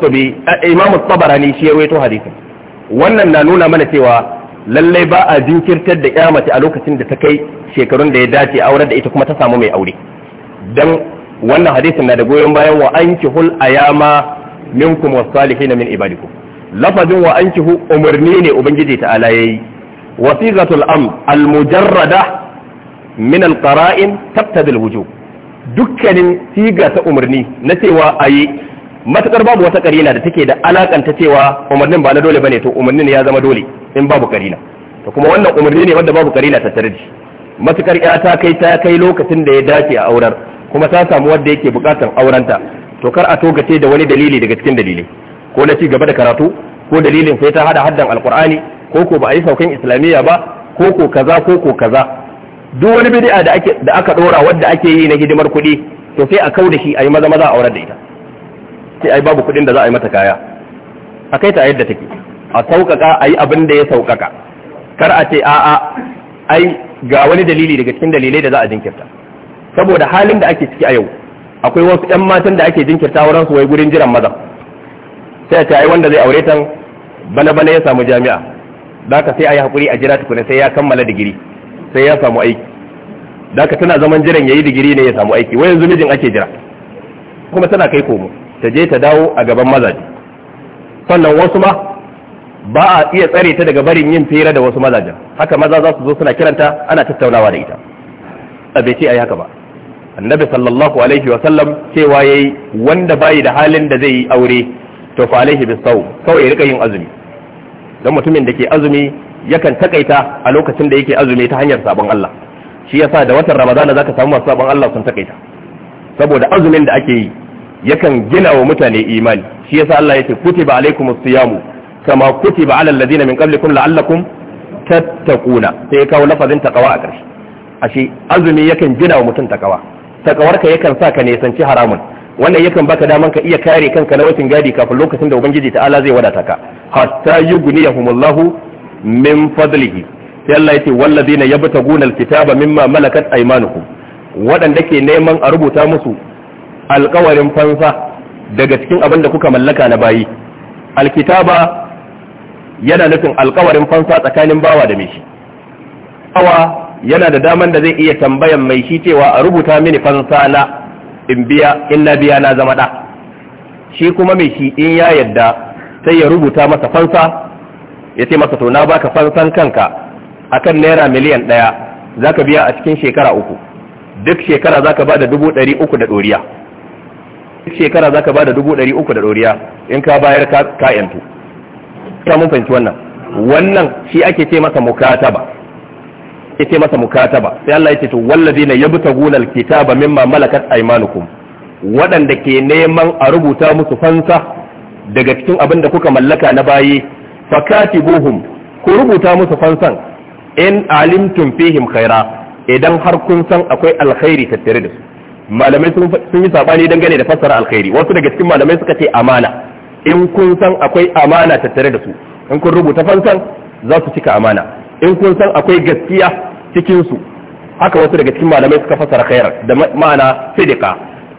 to bi imam tabarani shi ya waito hadisi wannan na nuna mana cewa lallai ba a jinkirtar da ya mace a lokacin da ta kai shekarun da ya dace aure da ita kuma ta samu mai aure dan wannan hadisin na da goyon bayan wa ankihul ayama minkum wasalihin min ibadikum lafazin wa ankihu umarni ne ubangiji ta'ala yayi wasiqatul am al mujarrada min al qara'in taqtadi al wujub dukkanin siga ta umarni na cewa a yi matakar babu wata karina da take da alakanta cewa umarnin ba na dole bane to umarnin ya zama dole in babu karina to kuma wannan umarni ne wanda babu karina ta tarji matakar ya ta kai ta kai lokacin da ya dace a aurar kuma ta samu wanda yake bukatar aurenta to kar a togace da wani dalili daga cikin dalilai ko na ci gaba da karatu ko dalilin sai ta hada haddan alƙur'ani ko ko ba a yi saukan islamiyya ba ko ko kaza ko ko kaza duk wani bid'a da ake da aka dora wanda ake yi na hidimar kuɗi to sai a kau da shi a maza maza a aurar da ita sai ayi babu kuɗin da za a yi mata kaya a kai ta a yadda take a sauƙaƙa a abin da ya sauƙaƙa kar a ce a'a ai ga wani dalili daga cikin dalilai da za a jinkirta saboda halin da ake ciki a yau akwai wasu 'yan matan da ake jinkirta wurin su wai gurin jiran maza sai a ce ai wanda zai aure ta bana bana ya samu jami'a da ka sai a yi haƙuri a jira tukuna sai ya kammala digiri sai ya samu aiki daga tana zaman jiran yayi digiri ne ya samu aiki wai yanzu mijin ake jira kuma tana kai komo ta je ta dawo a gaban mazaje sannan wasu ma ba a iya tsare ta daga barin yin fira da wasu mazajen haka maza za su zo suna kiranta ana tattaunawa da ita a bai ce ai haka ba annabi sallallahu alaihi wa sallam cewa yayi wanda bai da halin da zai yi aure to fa alaihi bisau kawai ya rika yin azumi don mutumin da ke azumi yakan takaita a lokacin da yake azumi ta hanyar sabon Allah shi yasa da watan ramadana zaka samu masu sabon Allah sun takaita saboda azumin da ake yi yakan gina wa mutane imani shi yasa Allah yake kutiba alaikumus siyamu kama kutiba alal ladina min qablikum la'allakum tattakuna sai ya kawo lafazin takawa a ƙarshe ashe azumi yakan gina wa mutum takawa takawarka yakan sa ka nisanci haramun wannan yakan baka daman ka iya kare kanka na wucin gadi kafin lokacin da ubangiji ta'ala zai wadata ka hatta yughniyahumullahu min fadlihi sai Allah yace wallazina yabtaguna alkitaba mimma malakat aymanukum waɗanda ke neman a rubuta musu alkawarin fansa daga cikin abin da kuka mallaka na bayi alkitaba yana nufin alkawarin fansa tsakanin bawa da mai shi awa yana da daman da zai iya tambayan mai shi cewa a rubuta mini fansa na in biya in na biya na zama da shi kuma mai shi in ya yadda sai ya rubuta masa fansa ya ce masa to na baka fansan kanka akan naira miliyan ɗaya za ka biya a cikin shekara uku duk shekara za ka ba da dubu ɗari uku da ɗoriya duk shekara za ka ba da dubu ɗari uku da ɗoriya in ka bayar ka yantu ta mun fahimci wannan wannan shi ake ce masa mukataba ake ce masa ba sai Allah ya ce to yabta gunal kitaba mimma malakat aymanukum waɗanda ke neman a rubuta musu fansa daga cikin abin da kuka mallaka na bayi fakatibuhum ku rubuta musu fansan in alimtum fihim khaira idan har kun san akwai alkhairi tattare da su malamai sun yi sabani dangane da fassara alkhairi wasu daga cikin malamai suka ce amana in kun san akwai amana tattare da su in kun rubuta fansan za su cika amana in kun san akwai gaskiya cikin su haka wasu daga cikin malamai suka fassara khairar da ma'ana sidika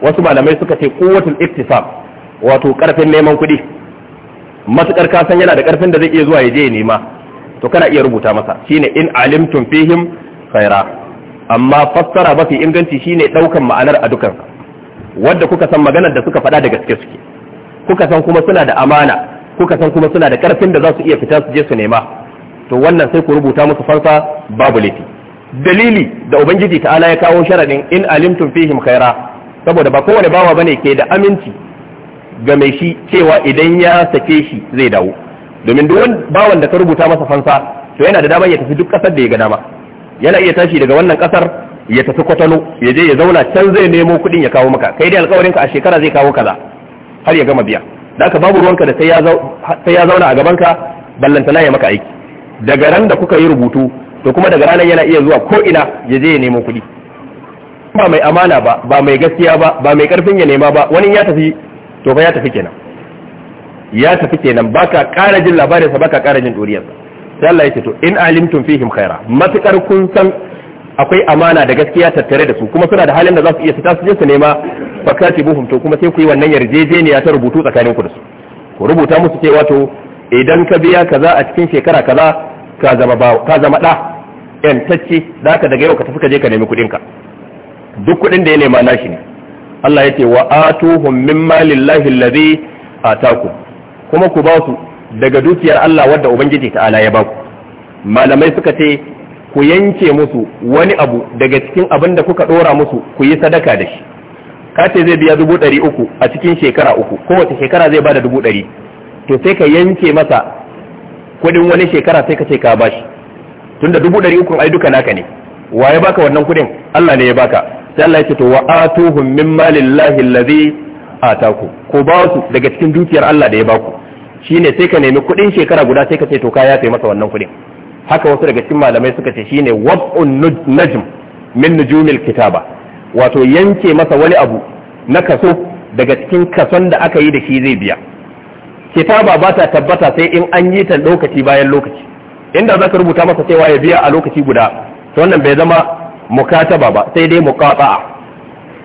wasu malamai suka ce quwwatul iktisab wato karfin neman kuɗi matuƙar kasan yana da ƙarfin da zai iya zuwa ya je ya nema to kana iya rubuta masa shine in alimtum fihim khaira amma fassara mafi inganci shine ɗaukan ma'anar a dukansa wadda kuka san maganar da suka faɗa da gaske suke kuka san kuma suna da amana kuka san kuma suna da ƙarfin da za su iya fita su je su nema to wannan sai ku rubuta musu fansa babu laifi dalili da ubangiji ta'ala ya kawo sharadin in alimtum fihim khaira saboda ba kowane bawa bane ke da aminci ga mai shi cewa idan ya sake shi zai dawo domin duk bawan da ka rubuta masa fansa to yana da damar ya tafi duk kasar da ya ga dama yana iya tashi daga wannan kasar ya tafi kwatano ya je ya zauna can zai nemo kuɗin ya kawo maka kai dai alƙawarin ka a shekara zai kawo kaza har ya gama biya da ka babu ruwanka da sai ya zauna a gaban ka ballantana ya maka aiki daga ran da kuka yi rubutu to kuma daga ranar yana iya zuwa ko ina ya je ya nemo kuɗi ba mai amana ba ba mai gaskiya ba ba mai karfin ya nema ba wani ya tafi to ba ya tafi kenan ya tafi kenan baka ƙara jin labarin sa baka ƙara jin duriyarsa sai Allah yake to in alimtum fihim khaira matukar kun san akwai amana da gaskiya tattare da su kuma suna da halin da za su iya su je su nema fakati buhum to kuma sai ku yi wannan yarjejeniya ta rubutu tsakanin ku da su ku rubuta musu cewa to idan ka biya kaza a cikin shekara kaza ka zama ba ka zama da tacce zaka daga yau ka tafi ka je ka nemi kuɗin ka duk kuɗin da ya nema nashi ne Allah yake wa atuhum min malillahi allazi ataku kuma ku ba su daga dukiyar Allah wadda ubangiji ta'ala ya ba ku malamai suka ce ku yanke musu wani abu daga cikin abin da kuka dora musu ku yi sadaka da shi ka ce zai biya dubu ɗari uku a cikin shekara uku kowace shekara zai bada dubu ɗari to sai ka yanke masa kuɗin wani shekara sai ka ce ka bashi tunda dubu ɗari uku ai duka naka ne wa ya baka wannan kuɗin Allah ne ya baka sai Allah yake ce to wa atuhum min malillahi allazi ataku ko ba su daga cikin dukiyar Allah da ya baku shine sai ka nemi kuɗin shekara guda sai ka ce to ka yafe masa wannan kuɗin haka wasu daga cikin malamai suka ce shine wab'un najm min nujumil kitaba wato yanke masa wani abu na kaso daga cikin kason da aka yi da shi zai biya kitaba ba ta tabbata sai in an yi ta lokaci bayan lokaci inda za ka rubuta masa cewa ya biya a lokaci guda to wannan bai zama mukataba ba sai dai mukata'a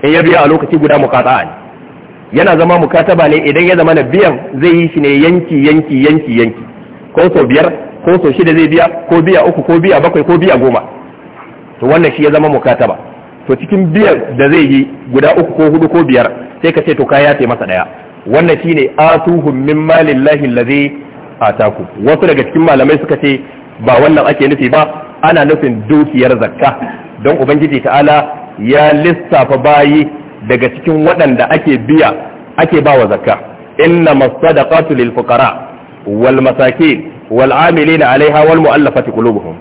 in ya biya a lokaci guda mukata'a ne yana zama mukataba ne idan ya zama na biyan zai yi shi ne yanki yanki yanki yanki ko sau biyar ko sau shida zai biya ko biya uku ko biya bakwai ko biya goma to wannan shi ya zama mukataba to cikin biyan da zai yi guda uku ko hudu ko biyar sai ka ce to kaya ce masa daya wannan shi ne atuhum min malillahi allazi ataku wasu daga cikin malamai suka ce ba wannan ake nufi ba ana nufin dukiyar zakka don ubangiji ta'ala ya lissafa bayi daga cikin waɗanda ake biya ake ba wa zakka inna masadaqatu lil fuqara wal masakin wal amilina alaiha wal mu'allafati qulubuhum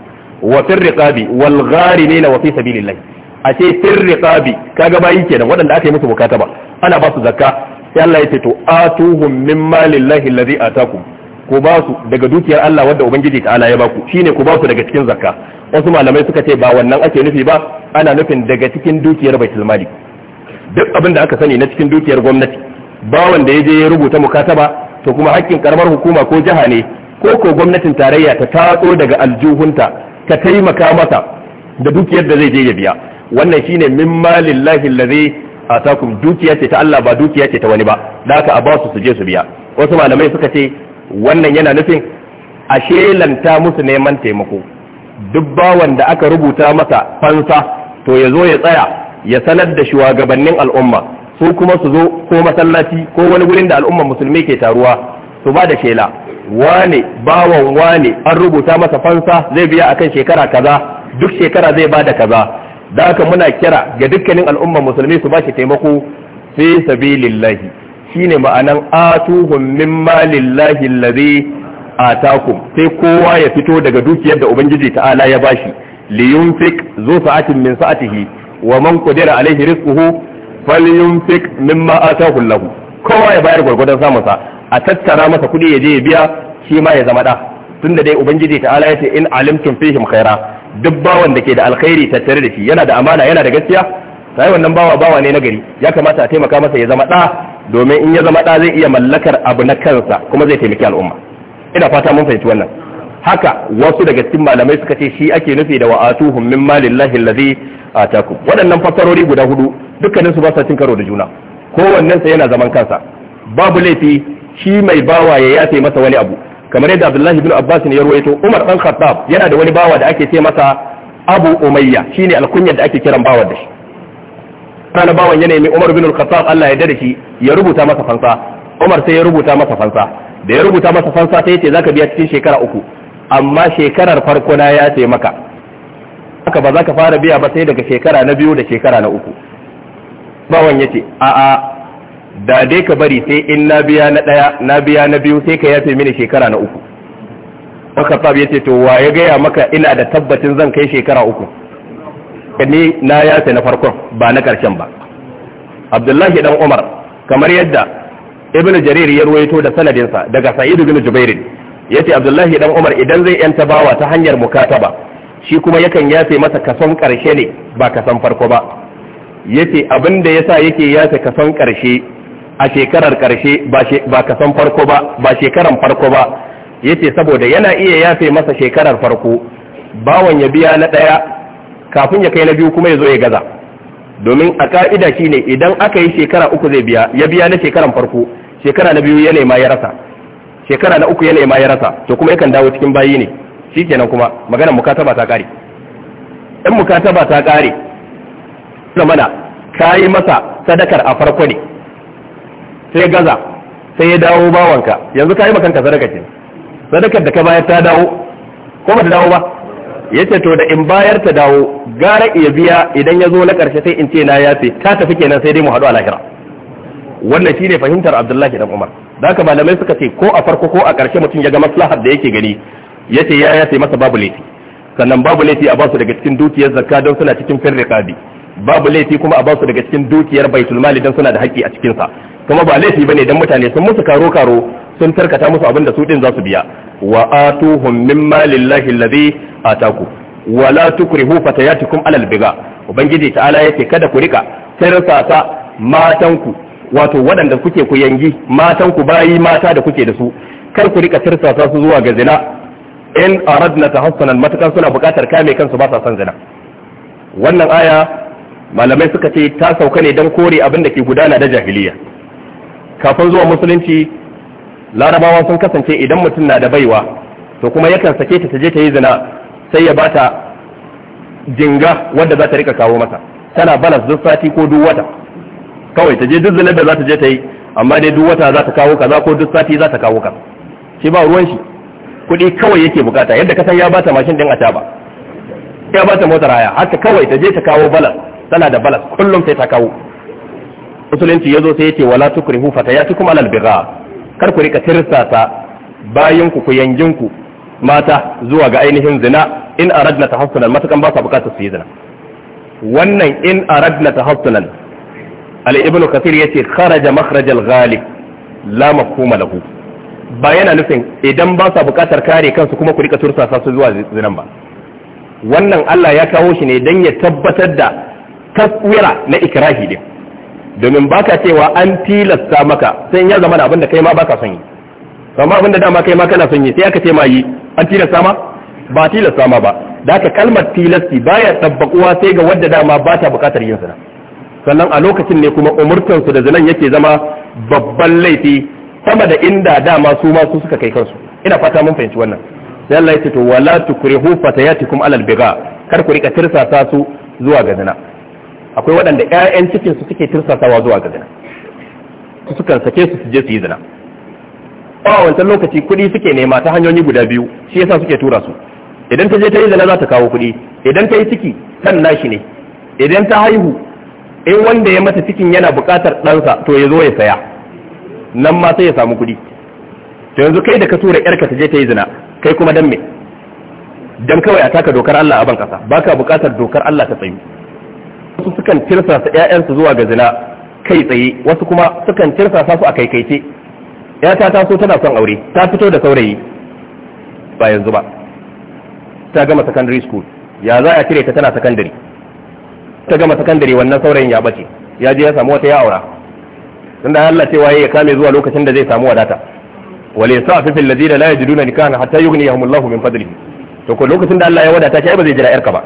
wa fir riqabi wal gharimina wa fi sabilillah a ce fir riqabi kaga bayi kenan waɗanda aka yi musu bukata ba ana ba su zakka sai Allah ya ce to atuhum min malillahi allazi atakum ku ba su daga dukiyar Allah wadda ubangiji ta'ala ya baku shine ku ba su daga cikin zakka wasu malamai suka ce ba wannan ake nufi ba ana nufin daga cikin dukiyar baitul mali duk abin da aka sani na cikin dukiyar gwamnati bawan da ya je ya rubuta mukataba to kuma hakkin karamar hukuma ko jiha ne ko ko gwamnatin tarayya ta tatso daga aljuhunta ta taimaka mata da dukiyar da zai je ya biya wannan shine min malillahi allazi atakum dukiya ce ta Allah ba dukiya ce ta wani ba da aka a ba su su je su biya wasu malamai suka ce wannan yana nufin a shelanta musu neman taimako duk bawan da aka rubuta masa fansa to ya zo ya tsaya ya sanar da shugabannin al'umma su kuma su zo ko masallaci ko wani wurin da al'umma musulmi ke taruwa su ba da shela wane bawan wane an rubuta masa fansa zai biya akan shekara kaza duk shekara zai ba da kaza da haka muna kira ga dukkanin al'umma musulmi su ba shi taimako fi sabilillahi shine ma'anan atuhum min malillahi allazi atakum sai kowa ya fito daga dukiyar da ubangiji ta'ala ya bashi li yunfik zu sa'atin min sa'atihi wa man qadira alaihi rizquhu falyunfik mimma atahu lahu kowa ya bayar gurgurdan samun sa a tattara masa kudi ya je ya biya shi ma ya zama da tunda dai ubangiji ta'ala ya ce in alimtum fihim khaira duk bawan da ke da alkhairi tattare da shi yana da amana yana da gaskiya sai wannan bawa bawa ne na gari ya kamata a taimaka masa ya zama da domin in ya zama ɗa zai iya mallakar abu na kansa kuma zai taimaki al'umma ina fata mun fahimci wannan haka wasu daga cikin malamai suka ce shi ake nufi da wa'atuhum min malillahi allazi ataku waɗannan fassarori guda hudu dukkanin su ba sa cin karo da juna kowannen sa yana zaman kansa babu laifi shi mai bawa ya yafe masa wani abu kamar yadda Abdullahi bin Abbas ne ya ruwaito Umar dan Khattab yana da wani bawa da ake ce masa Abu Umayya shine alkunyar da ake kiran bawa da shi kana bawan ya nemi Umar bin al-Khattab Allah ya dare shi ya rubuta masa fansa Umar sai ya rubuta masa fansa da ya rubuta masa fansa sai yace zaka biya cikin shekara uku amma shekarar farko na ya ce maka haka ba za ka fara biya ba sai daga shekara na biyu da shekara na uku bawan yace a'a da dai ka bari sai in na biya na ɗaya na biya na biyu sai ka yafe mini shekara na uku Khattab ya ce to wa ya gaya maka ina da tabbacin zan kai shekara uku ni na yace na farkon ba na karshen ba abdullahi dan umar kamar yadda ibn jarir ya ruwaito da sanadinsa daga sa'id ibn jubair yace abdullahi dan umar idan zai yanta bawa ta hanyar mukataba shi kuma yakan yace masa kason karshe ne ba kason farko ba yace abin da yasa yake yace kason karshe a shekarar karshe ba kason farko ba ba shekaran farko ba yace saboda yana iya yafe masa shekarar farko bawan ya biya na ɗaya. kafin ya kai na biyu kuma ya zo ya gaza domin a ka'ida shi ne idan aka yi shekara uku zai biya ya biya na shekaran farko shekara na biyu ya nema ya rasa shekara na uku ya nema ya rasa to kuma yakan dawo cikin bayi ne shi kenan kuma maganar mukataba ta kare in mukataba ta kare zamana ka yi masa sadakar a farko ne sai gaza sai ya dawo bawanka yanzu ka yi makanka sadaka ce sadakar da ka bayar ta dawo ko ba ta dawo ba yace to da in bayar ta dawo gara iya biya idan ya zo na karshe sai in ce na yafe ta tafi kenan sai dai mu hadu a lahira wannan shine fahimtar Abdullahi dan Umar haka malamai suka ce ko a farko ko a karshe mutum ya ga maslahar da yake gani yace ya yafe masa babu laifi sannan babu laifi a basu daga cikin dukiyar zakka don suna cikin firriqabi babu laifi kuma a basu daga cikin dukiyar baitulmali mali don suna da haƙƙi a cikin sa kuma ba laifi bane dan mutane sun musu karo karo sun tarkata musu abin da su din za su biya wa atuhum min malillahi alladhi ataku la tukrihu fatayatikum alal biga ubangiji ta'ala yace kada ku rika tirsasa matanku wato waɗanda kuke ku yangi matanku bayi mata da kuke da su kar ku rika tirsasa su zuwa ga zina in aradna tahassanan matakan suna buƙatar kame kansu ba sa son zina wannan aya malamai suka ce ta sauka ne don kore abin da ke gudana da jahiliya kafin zuwa musulunci larabawa sun kasance idan mutum na da baiwa to kuma yakan sake ta je ta yi zina sai ya bata jinga wadda za ta rika kawo masa tana balas duk sati ko duk wata kawai ta je duk zinar da za ta je ta yi amma dai duk wata za ta kawo kaza ko duk sati za ta kawo ka. shi ba ruwan shi kuɗi kawai yake bukata yadda kasan ya bata mashin din ataba ya bata motar haya haka kawai ta je ta kawo balas tana da balas kullum sai ta kawo musulunci ya zo sai ya ce wala tukrihu fatayatukum alal bigha kar ku rika tirsata bayan ku ku yangin ku mata zuwa ga ainihin zina in aradna tahassunan matakan ba sa bukatar su yi zina wannan in aradna tahassunan al-ibnu kathir yace kharaja makhraj al-ghalib la mafhuma lahu ba yana nufin idan ba sa bukatar kare kansu kuma ku rika tursasa su zuwa zinan ba wannan Allah ya kawo shi ne dan ya tabbatar da taswira na ikrahi din domin baka cewa an tilasta maka sai ya zama abin da kai ma baka son yi amma abin da dama kai ma kana son yi sai aka ce ma yi an tilasta ma ba tilasta ma ba da haka kalmar tilasti baya tabbakuwa sai ga wadda dama ba ta bukatar yin zina sannan a lokacin ne kuma umurtansu da zinan yake zama babban laifi sama da inda dama su ma su suka kai kansu ina fata mun fahimci wannan sai Allah ya ce to wala tukrihu fatayatikum alal biga kar ku rika tirsasa su zuwa ga zina akwai waɗanda 'ya'yan cikin su suke tirsasawa zuwa ga zina su sukan sake su je su yi zina a wancan lokaci kuɗi suke nema ta hanyoyi guda biyu shi yasa suke tura su idan ta je ta yi zina za ta kawo kuɗi idan ta yi ciki kan nashi ne idan ta haihu in wanda ya mata cikin yana buƙatar ɗansa to ya zo ya saya nan ma sai ya samu kuɗi to yanzu kai da ka tura yarka ta je ta yi zina kai kuma dan me dan kawai a taka dokar Allah a ban kasa baka buƙatar dokar Allah ta tsayu wasu sukan tirsasa ƴaƴansu zuwa ga zina kai tsaye wasu kuma sukan tirsasa su a kaikaice ya ta so tana son aure ta fito da saurayi ba yanzu ba ta gama secondary school ya za a cire ta tana secondary ta gama secondary wannan saurayin ya bace ya je ya samu wata ya aura tun da Allah cewa ya kame zuwa lokacin da zai samu wadata wal yasafi fil ladina la yajiduna nikahan hatta yughniyahumullahu min fadlihi to ko lokacin da Allah ya wadata ta ai ba zai jira yarka ba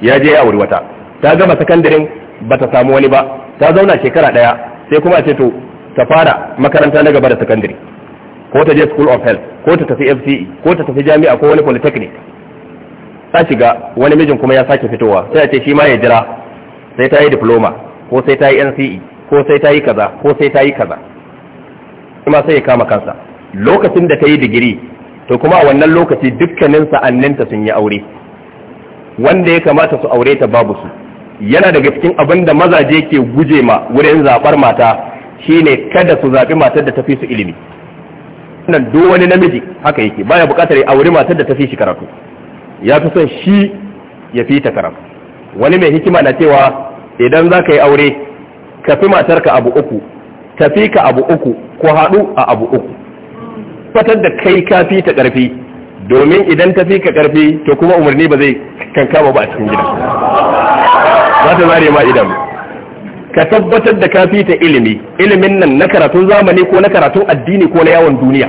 ya je ya auri wata ta gama sakandaren ba ta samu wani ba ta zauna shekara ɗaya sai kuma a ce to ta fara makaranta na gaba da sakandare ko ta je school of health ko ta tafi fce ko ta tafi jami'a ko wani polytechnic ta shiga wani mijin kuma ya sake fitowa sai a ce shi ma ya jira sai ta yi diploma ko sai ta yi nce ko sai ta yi kaza ko sai ta yi kaza kuma sai ya kama kansa lokacin da ta yi digiri to kuma a wannan lokaci dukkanin sa'anninta sun yi aure wanda ya kamata su aure ta babu su yana daga cikin abin da mazaje ke guje ma wurin zaɓar mata shine kada su zaɓi matar da fi su ilimi nan duk wani namiji haka yake baya buƙatar a wuri matar da fi shi karatu ya fi son shi ya fi ta karatu wani mai hikima na cewa idan za ka yi aure ka fi matarka abu uku tafi ka abu uku ko haɗu a abu uku fatar da kai ka fi ta ƙarfi domin idan tafi ka ƙarfi to kuma umarni ba zai kankama ba a cikin gida zata ta zare ma idanu ka tabbatar da ka fita ilimi ilimin nan na karatun zamani ko na karatun addini ko na yawon duniya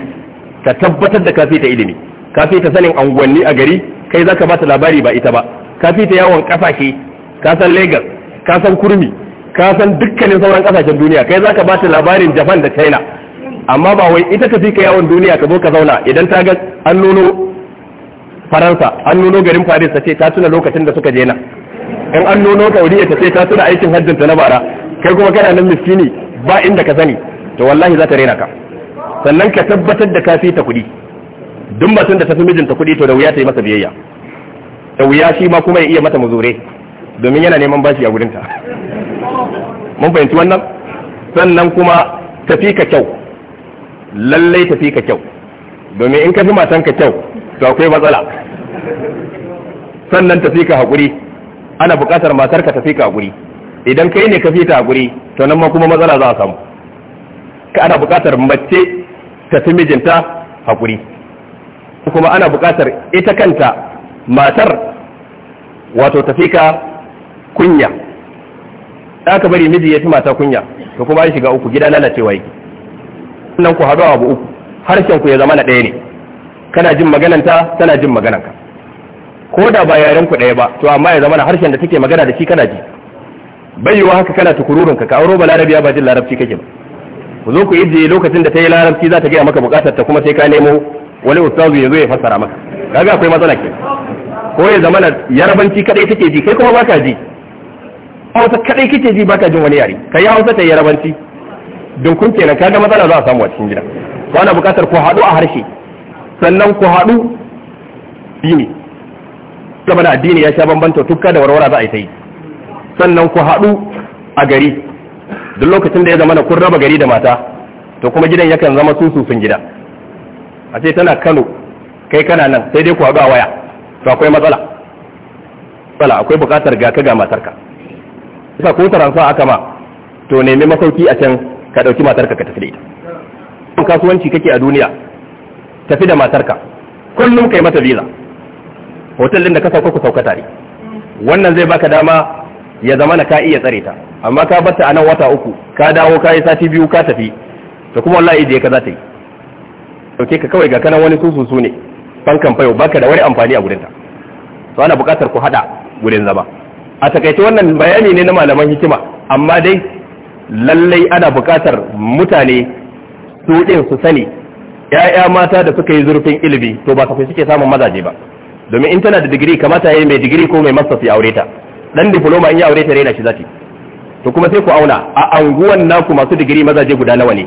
ka tabbatar da ka fita ilimi ka fita sanin anguwanni a gari kai zaka ba ta labari ba ita ba ka fita yawon kasashe ka san Lagos ka san Kurmi ka san dukkanin sauran kasashen duniya kai zaka ba ta labarin Japan da China amma ba wai ita ka fika yawon duniya ka zo ka zauna idan ta ga an nuno Faransa an nuno garin Paris ta ce ta tuna lokacin da suka je na in an nuno wuri ta sai ta tuna aikin hajjin ta na bara kai kuma kana nan miskini ba inda ka sani to wallahi za ta rena ka sannan ka tabbatar da ka fi ta kuɗi duk batun da ta fi mijinta kuɗi to da wuya ta yi masa biyayya da wuya shi ma kuma ya iya mata muzure domin yana neman bashi a gurinta mun fahimci wannan sannan kuma tafi ka kyau lallai tafi ka kyau domin in ka fi matan ka kyau to akwai matsala sannan tafi ka haƙuri ana buƙatar matar ka tafi ka guri idan kai ne ka fita guri to nan ma kuma matsala za a samu ka ana buƙatar mace ta fi mijinta guri kuma ana buƙatar ita kanta matar wato tafi ka kunya aka bari miji ya fi mata kunya to kuma ya shiga uku gida lalacewa yake nan ku haɗu abu uku harshen ku ya zama na ɗaya ne kana jin ta tana jin ka ko da ba yaren ku ɗaya ba to amma ya zama na harshen da take magana da shi kana ji bai yiwa haka kana tukururun ka auro ba larabiya ba jin larabci kake ba ku zo ku yi lokacin da ta yi larabci za ta gaya maka bukatar ta kuma sai ka nemo wani ustazu ya zo ya fassara maka kaga akwai matsala ke ko ya zama na yarabanci kadai take ji kai kuma baka ji hausa kadai kike ji baka jin wani yare kai hausa ta yarabanci dunkun kenan kaga matsala za a samu a cikin gida ko ana bukatar ku haɗu a harshe sannan ku haɗu biyu ne game da addini ya sha bambanta tukka da warwara za a yi ta yi sannan ku haɗu a gari duk lokacin da ya zama na kun raba gari da mata to kuma gidan yakan zama sun gida a ce tana kano kai kana nan sai dai ku haɗu a waya to akwai matsala matsala akwai buƙatar ga ka ga matarka isa ko taransa aka ma to nemi masauki a can ka ɗauki matarka ka tafi da ita kasuwanci kake a duniya tafi da matarka kullum kai mata visa hotel din da ka sauka ku sauka tare wannan zai baka dama ya zama na ka iya tsare ta amma ka batta a nan wata uku ka dawo ka yi sati biyu ka tafi to kuma wallahi je ka za ta yi dauke ka kawai ga kanan wani susu ne fankan fayo baka da wani amfani a ta. to ana buƙatar ku hada gurin zama a takaice wannan bayani ne na malaman hikima amma dai lallai ana buƙatar mutane su din su sani 'ya'ya mata da suka yi zurfin ilimi to ba su suke samun mazaje ba domin in tana da digiri kamata yayi mai digiri ko mai masters ya aure ta dan diploma in ya aure ta rena shi zati to kuma sai ku auna a anguwan naku masu digiri maza mazaje guda nawa ne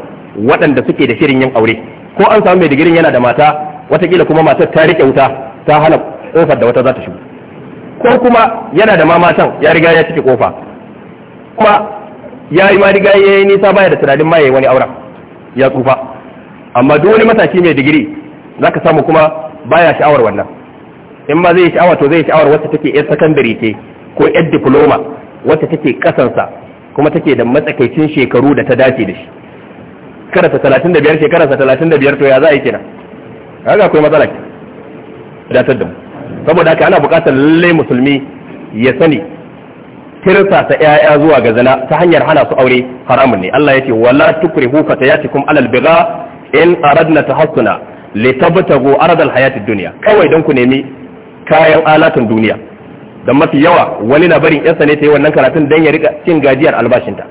waɗanda suke da shirin yin aure ko an samu mai digirin yana da mata watakila kuma matar ta rike wuta ta hana kofar da wata za ta shigo ko kuma yana da mamatan ya riga ya cike kofa kuma ya yi ma riga ya yi nisa baya da tunanin ma wani auren ya tsufa amma duk wani mataki mai digiri za ka samu kuma baya sha'awar wannan in ma zai sha'awa to zai sha'awar wacce take yar sakandare ce ko yar diploma wacce take kasansa kuma take da matsakaicin shekaru da ta dace da shi kada ta 35 shekara da biyar to ya za a yi kenan kaga akwai matsala ke datar da mu saboda haka ana buƙatar lalle musulmi ya sani tirsa ta ƴaƴa zuwa ga zina ta hanyar hana su aure haramun ne Allah ya yace wala tukrihu fatayatikum alal bigha in aradna tahassuna litabtagu aradal hayatid dunya kawai don ku nemi kayan alatun duniya don mafi yawa wani na barin yansa ne ta yi wannan karatun don ya rika cin gajiyar albashinta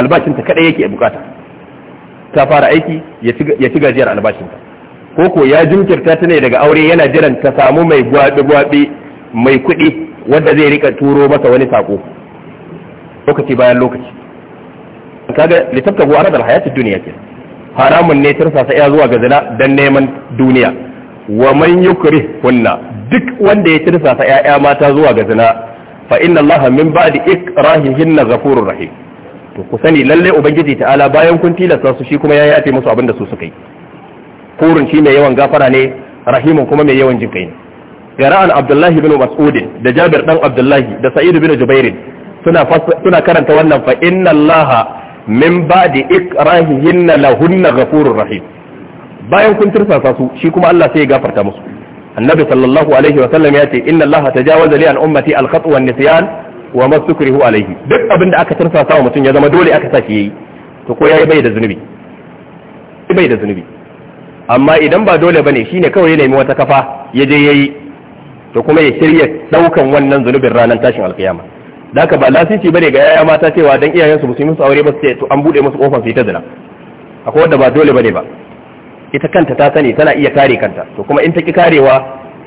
albashinta kadai yake bukata ta fara aiki ya ci gajiyar albashinta ko ko ya jinkirta ta ne daga aure yana jiran ta samu mai gwabi-gwabi mai kuɗi wanda zai rika turo masa wani sako lokaci bayan lokaci kaga litafta go aradal hayatid duniya ke haramun ne tirsasa ya zuwa ga zina dan neman duniya wa man yukrih kunna duk wanda ya tirsasa ƴaƴa mata zuwa ga zina fa inna allaha min ba'di ikrahihin ghafurur rahim to ku sani lalle ubangiji ta'ala bayan kun tilasta su shi kuma ya yafe musu abin da su suka yi kurun shi mai yawan gafara ne rahimun kuma mai yawan jinkai ne gara an abdullahi bin mas'ud da jabir dan abdullahi da sa'id bin jubair suna suna karanta wannan fa inna allaha min ba'di ikrahihin lahunna ghafurur rahim bayan kun tirsasa su shi kuma Allah sai ya gafarta musu annabi sallallahu alaihi wa sallam ya ce inna allaha tajawaza li an ummati al khatu wan nisyan wa ma sukrihu alaihi duk abin da aka tirsasa wa mutum ya zama dole aka sashi yayi to ko yayi bai da zunubi bai da zunubi amma idan ba dole bane shine kawai ya nemi wata kafa ya je yayi to kuma ya shirya daukan wannan zunubin ranar tashin alkiyama da haka ba lasisi bane ga yaya mata cewa dan iyayensu musulmi su aure ba su ce to an bude musu kofar su ta zina akwai wanda ba dole bane ba ita kanta ta sani tana iya kare kanta to kuma in ta ki karewa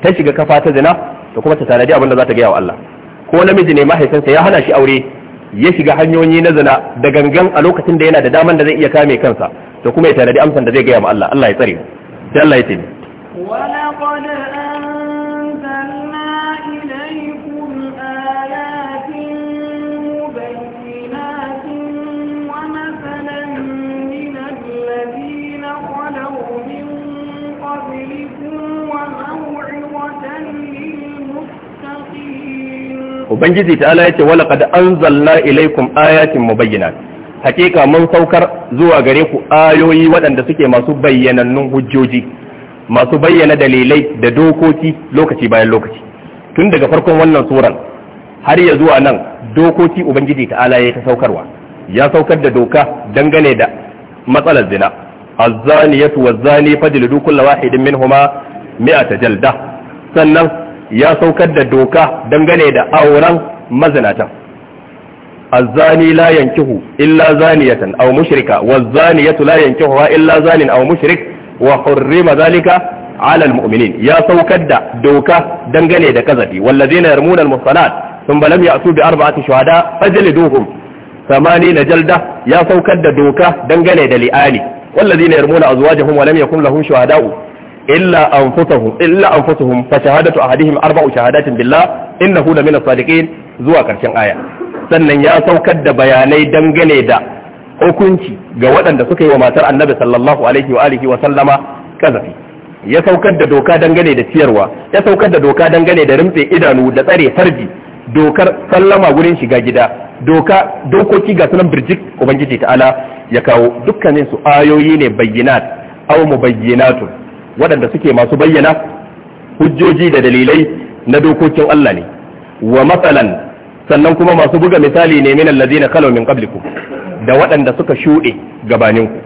ta shiga kafa ta zina to kuma ta tanadi abin da za ta gaya wa Allah ko namiji ne mahaifinsa ya hana shi aure ya shiga hanyoyi na zina da gangan a lokacin da yana da daman da zai iya kame kansa to kuma ya tanadi amsan da zai gaya wa Allah Allah ya tsare sai Allah ya tsare ubangiji ta'ala yace wala qad anzalna ilaykum ayatin mubayyinat hakika mun saukar zuwa gare ku ayoyi waɗanda suke masu bayyanannun hujjoji masu bayyana dalilai da dokoki lokaci bayan lokaci tun daga farkon wannan suran har ya zuwa nan dokoki ubangiji ta'ala ya ta saukarwa ya saukar da doka dangane da matsalar zina azzaniyatu wazzani fajlidu kullu wahidin minhuma mi'ata jalda sannan ya saukar da doka dangane da auren mazinatan الزاني لا ينكه إلا زانية أو مشركة والزانية لا ينكهها إلا زان أو مشرك وحرم ذلك على المؤمنين يا سوكد دوكا دنغني دكذبي والذين يرمون المحصنات ثم لم يأتوا بأربعة شهداء فجلدوهم ثمانين جلدة يا سوكد دوكا دنغني دلئاني والذين يرمون أزواجهم ولم يكن لهم شهداء illa anfusuhum illa anfusuhum fa shahadatu ahadihim arba'u shahadatin billah innahu lamina sadiqin zuwa karshen aya sannan ya saukar da bayanai dangane da hukunci ga waɗanda suka yi wa matar annabi sallallahu alaihi wa alihi wa sallama kazafi ya saukar da doka dangane da ciyarwa ya saukar da doka dangane da rimtse idanu da tsare farji dokar sallama gurin shiga gida doka dokoki ga sunan birjik ubangiji ta'ala ya kawo dukkanin su ayoyi ne bayyinat aw mubayyinatun waɗanda suke masu bayyana hujjoji da dalilai na dokokin Allah ne wa matsalan sannan kuma masu buga misali ne min allazina khalaw min qablikum da waɗanda suka shuɗe gabaninku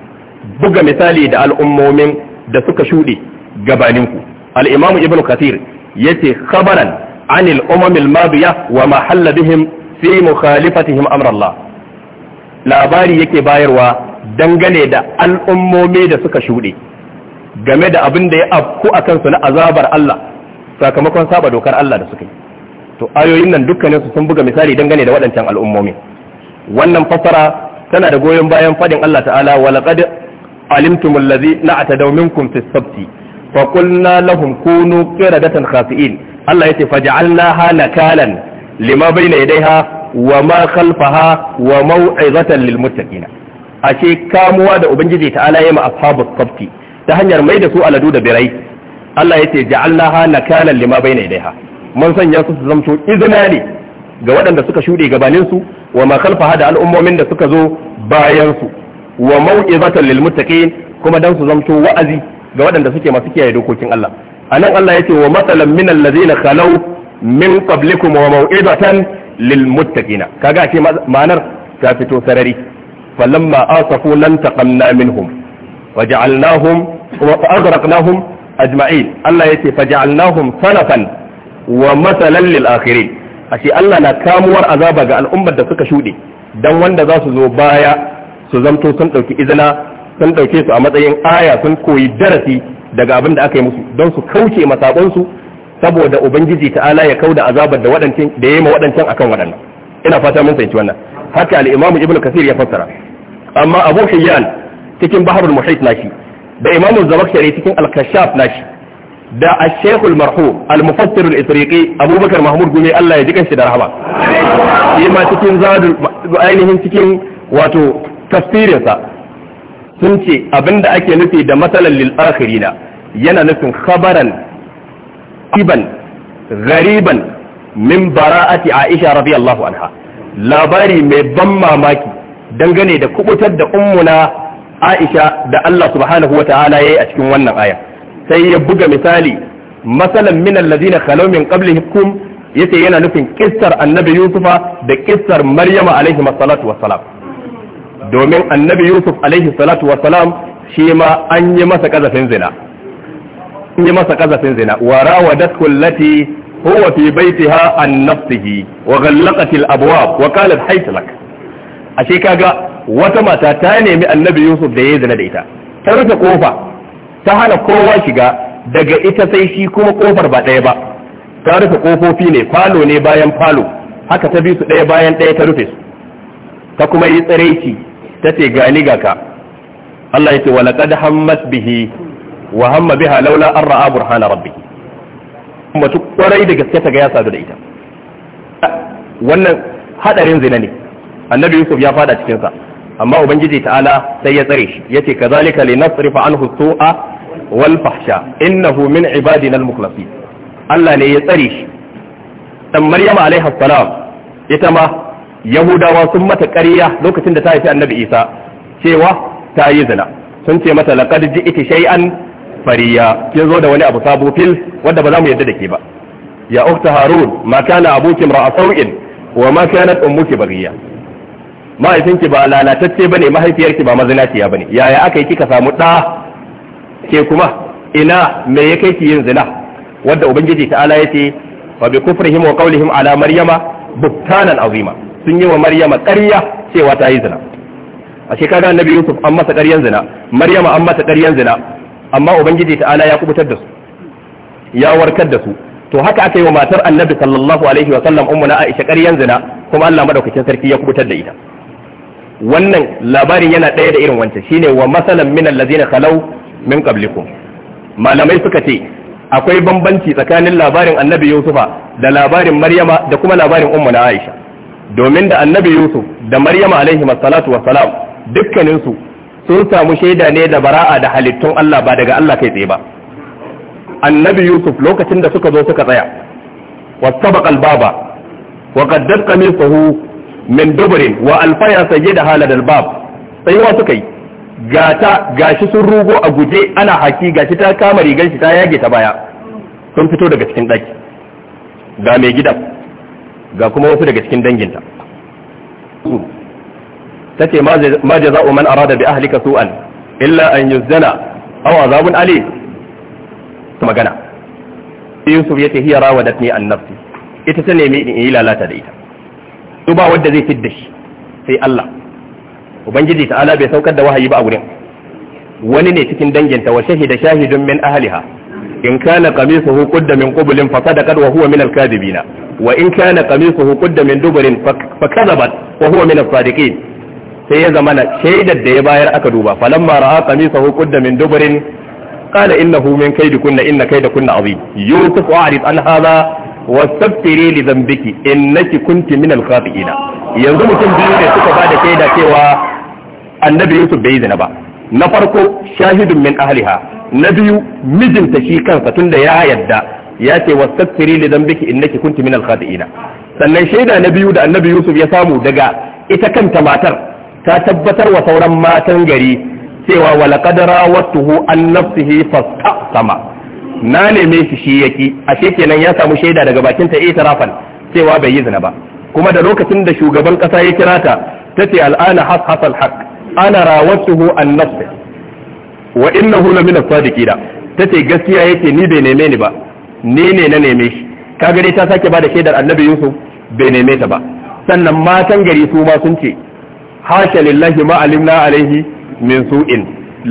buga misali da al'ummomin da suka shuɗe gabaninku al-imam ibnu ya yace khabaran anil umamil madiya wa ma halla bihim fi mukhalifatihim amra Allah labari yake bayarwa dangane da al'ummomi da suka shuɗe game da abin da ya afku a kansu na azabar Allah sakamakon saba dokar Allah da suka yi to ayoyin nan dukkanin su sun buga misali dangane da waɗancan al'ummomi wannan fassara tana da goyon bayan fadin Allah ta'ala wa laqad alimtum allazi na'tadaw minkum fi sabti fa qulna lahum kunu qiradatan khasi'in Allah yace faj'alnaha nakalan lima bayna yadayha wa ma khalfaha wa maw'izatan lil muttaqin ashe kamuwa da ubangiji ta'ala ma ashabus sabti ta hanyar mai da su aladu da birai Allah yace ja'alnaha nakalan lima bayna yadayha mun sanya su su zamto izina ne ga waɗanda suka shuɗe gabanin su wa ma khalfaha da al'ummomin da suka zo bayan su wa mau'izatan lil muttaqin kuma dan su zamto wa'azi ga waɗanda suke masu kiyaye dokokin Allah anan Allah ya ce wa matsalan min allazina khalau min qablikum wa mau'izatan lil muttaqina kaga ce ma'anar ta fito sarari falamma asafu lan taqamna minhum waja'alnahum wa aghraqnahum ajma'in Allah yace faja'alnahum salafan wa masalan lil akhirin ashe Allah na kamuwar azaba ga al'ummar da suka shuɗe dan wanda za su zo baya su zamto sun ɗauki izina sun dauke su a matsayin aya sun koyi darasi daga abin da aka yi musu don su kauce masabon su saboda ubangiji ta'ala ya kauda azabar da waɗancan da yayi ma waɗancan akan waɗannan ina fata mun fahimci wannan Harka al-imam ibnu kasir ya fassara amma abu hayyan cikin baharul muhit nashi da imamu zamakshari cikin al-kashaf nashi da ash marhu al-marhum al-mufassir al abubakar mahmud gumi Allah ya ji kanshi da rahama shi ma cikin zadul ainihin cikin wato tafsirin sa sun ce abinda ake nufi da matsalar lil akhirina yana nufin khabaran iban gariban min bara'ati aisha radiyallahu anha labari mai ban mamaki dangane da kubutar da ummuna Aisha da Allah subhanahu wa ta'ala yayi a cikin wannan aya sai ya buga misali masalan min alladhina khalaw min qablihikum yace yana nufin kissar annabi Yusufa da kissar Maryama alaihi salatu wassalam domin annabi Yusuf alaihi salatu wassalam shi ma an yi masa kazafin zina an yi masa kazafin zina wa rawadathu allati huwa fi baitiha an nafsihi wa ghallaqat al abwab wa qalat hayt lak ashe kaga wata mata ta nemi annabi yusuf da ya zina da ita ta rufe kofa ta hana kowa shiga daga ita sai shi kuma kofar ba ɗaya ba ta rufe kofofi ne falo ne bayan falo haka ta bi su ɗaya bayan ɗaya ta rufe su ta kuma yi tsiraici ta ce gani ga ka Allah ya ce wa laqad hammas bihi wa hamma biha laula an ra'a burhana kuma tu kwarai da gaske ta ga ya sadu da ita wannan hadarin zina ne annabi yusuf ya fada cikin sa amma ubangiji ta'ala sai ya tsare shi yace kazalika linasrifa anhu su'a wal fahsha innahu min ibadina al mukhlasin Allah ne ya tsare shi dan Maryam alaiha salam ita ma Yahudawa sun mata ƙarya lokacin da ta haifi Annabi Isa cewa ta yi zina sun ce mata laqad ji'ti shay'an fariya kin zo da wani abu sabo fil wanda ba za mu yadda da ke ba ya ukhta harun ma kana abuki mar'a sau'in wa ma kanat ummuki baghiya mahaifinki ba lalatacce ba ne mahaifiyarki ba mazinaciya ba ne yaya aka yi kika samu ɗa ke kuma ina me ya kai ki yin zina wadda ubangiji ta'ala yace wa bi kufrihim wa qawlihim ala maryama buktanan azima sun yi wa maryama ƙarya cewa ta yi zina a shekara annabi yusuf an masa ƙaryan zina maryama an masa ƙaryan zina amma ubangiji ta'ala ya kubutar da su ya warkar da su to haka aka yi wa matar annabi sallallahu alaihi wa sallam ummuna aisha ƙaryan zina kuma Allah madaukakin sarki ya kubutar da ita wannan labarin yana ɗaya da irin wancan shine wa masalan min allazina khalau min qablikum malamai suka ce akwai bambanci tsakanin labarin annabi yusufa da labarin maryama da kuma labarin ummu na aisha domin da annabi yusuf da maryama alaihi salatu wassalam sun samu shaida ne da bara'a da halittun Allah ba daga Allah kai tsaye ba annabi yusuf lokacin da suka zo suka tsaya wa sabaqa baba wa qaddat qamisuhu min dubrin wa alfaya saye halad albab sai wa suka yi gata gashi sun rugo a guje ana haki gashi ta kama rigar shi ta yage ta baya sun fito daga cikin daki ga mai gida ga kuma wasu daga cikin danginta tace ce ma jaza'u man arada bi ahlika su'an illa an yuzdana aw azabun ali ta magana yusuf yace hiya rawadatni an nafsi ita ta nemi in yi lalata da ita su ba wanda zai fidda shi sai Allah ubangiji ta'ala bai saukar da wahayi ba a gurin wani ne cikin danginta wa shahida shahidun min ahliha in kana qamisuhu qudda min qublin fa sadaqat wa huwa min al-kadhibina wa in kana qamisuhu qudda min dubrin fa kadhabat wa huwa min as-sadiqin sai ya zamana shaidar da ya bayar aka duba falamma ra'a qamisuhu qudda min dubrin qala innahu min kaydikunna inna kaydakunna azim yusufu a'rid an hadha wastaghfiri li dhanbiki innaki kunti min al-khati'ina yanzu mutum biyu ne suka ba da shaida cewa annabi Yusuf bai zina ba na farko shahidun min ahliha na biyu mijinta shi kansa tunda ya yadda ya ce wastaghfiri li dhanbiki innaki kunti min al-khati'ina sannan shaida na biyu da annabi Yusuf ya samu daga ita kanta matar ta tabbatar wa sauran matan gari cewa walaqad rawatuhu an nafsihi fastaqama na neme shi shi yaki ashe kenan ya samu shaida daga bakin eh, ta itirafan cewa bai yi zina ba kuma da lokacin da shugaban kasa ya kira ta tace al'ana has hasal haq ana rawatuhu an nafsi wa innahu la min as-sadiqina tace gaskiya yake ni bai neme ni ba ni ne na neme shi kaga dai ta sake ba da shaidar annabi yusuf bai neme ta ba sannan matan gari su ma sun ce hasha lillahi ma alimna alaihi min su'in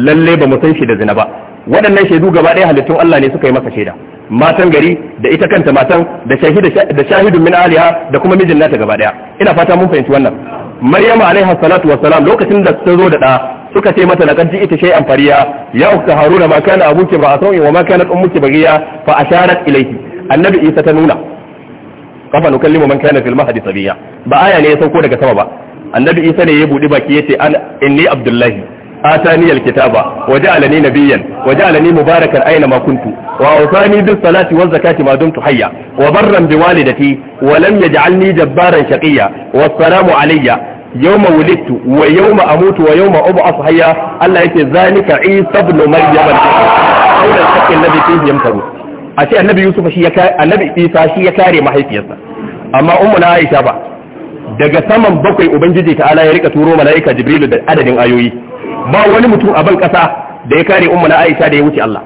lalle ba mu san shi da zina ba waɗannan shaidu gaba ɗaya halittun Allah ne suka yi masa shaida matan gari da ita kanta matan da shahidu da shahidun min aliha da kuma mijin nata gaba ɗaya ina fata mun fahimci wannan maryama alaiha salatu wassalam lokacin da ta zo da ɗa suka ce mata laqad ita shay'an fariya ya ukta haruna ma kana abuki ba'atun wa ma kanat ummuki baghiya fa asharat ilayhi annabi isa ta nuna kafa nukallimu man kana fil mahdi sabiya ba aya ne ya sauko daga sama ba annabi isa ne ya budi baki yace an inni abdullahi atani alkitaba waja'alani nabiyyan waja'alani mubarakan aina ma kuntu wa awsani bis salati zakati ma dumtu hayya wa barran bi walidati wa lam yaj'alni jabbaran shaqiyya wassalamu alayya yawma wulidtu wa yawma amutu wa yawma ub'athu hayya Allah yake zalika Isa ibn Maryam al-Qur'an al-haqqi alladhi fihi yamtaru shi Isa shi ya kare amma na Aisha ba daga saman bakwai ubangiji ta ala ya rika turo mala'ika jibrilu da adadin ayoyi ba wani mutum a ban kasa da ya kare ummu na Aisha da ya wuce Allah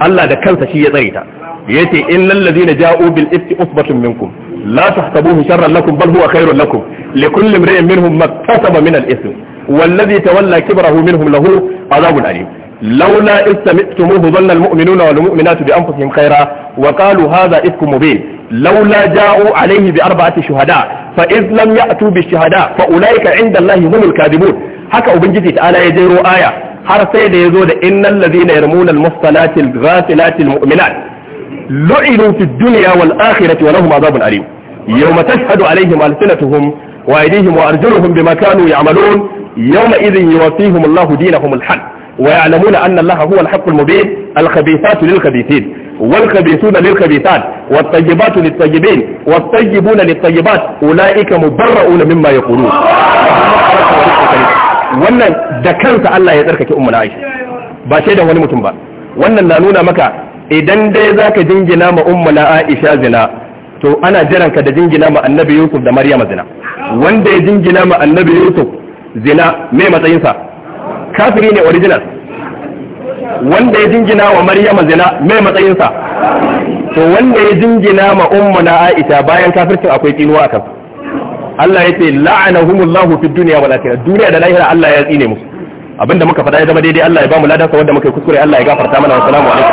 Allah da kansa shi ya tsare ta yace innal ladina ja'u bil ifti usbatun minkum la tahsabuhu sharran lakum bal huwa khairun lakum likulli imrin minhum maktasaba min al ithm والذي تولى كبره منهم له عذاب أليم لولا إذ سمعتموه ظن المؤمنون والمؤمنات بأنفسهم خيرا وقالوا هذا إفك مبين لولا جاءوا عليه بأربعة شهداء فإذ لم يأتوا بالشهداء فأولئك عند الله هم الكاذبون haka ubangiji ta'ala ya jero aya har sai da ya zo da innal lazina yarmuna al-muhsanati al-ghafilati muminat lu'inu fid dunya wal akhirati wa lahum adhabun alim yawma tashhadu alayhim alsinatuhum wa aydihim wa arjuluhum bima kanu ya'malun yawma idhin yuwaffihim Allahu dinahum al-haq ويعلمون أن الله هو الحق المبين الخبيثات للخبيثين والخبيثون للخبيثات والطيبات للطيبين والطيبون للطيبات أولئك مبرؤون مما يقولون wannan da kansa Allah ya tsarkake ummu Aisha ba da wani mutum ba wannan na nuna maka idan dai zaka jingina ma ummu Aisha zina to ana jiranka da jingina ma annabi Yusuf da Maryam zina wanda ya jingina ma annabi Yusuf zina me matsayinsa kafiri ne original wanda ya jingina wa Maryam zina me matsayinsa to wanda ya jingina ma ummu Aisha bayan kafircin akwai tsinuwa a kansa Allah ya ce la'anahumullahu fid dunya wal akhirah duniya da lahira Allah ya tsine musu abinda muka faɗa ya zama daidai Allah ya ba mu ladan sa wanda muka yi kuskure Allah ya gafarta mana wa assalamu alaikum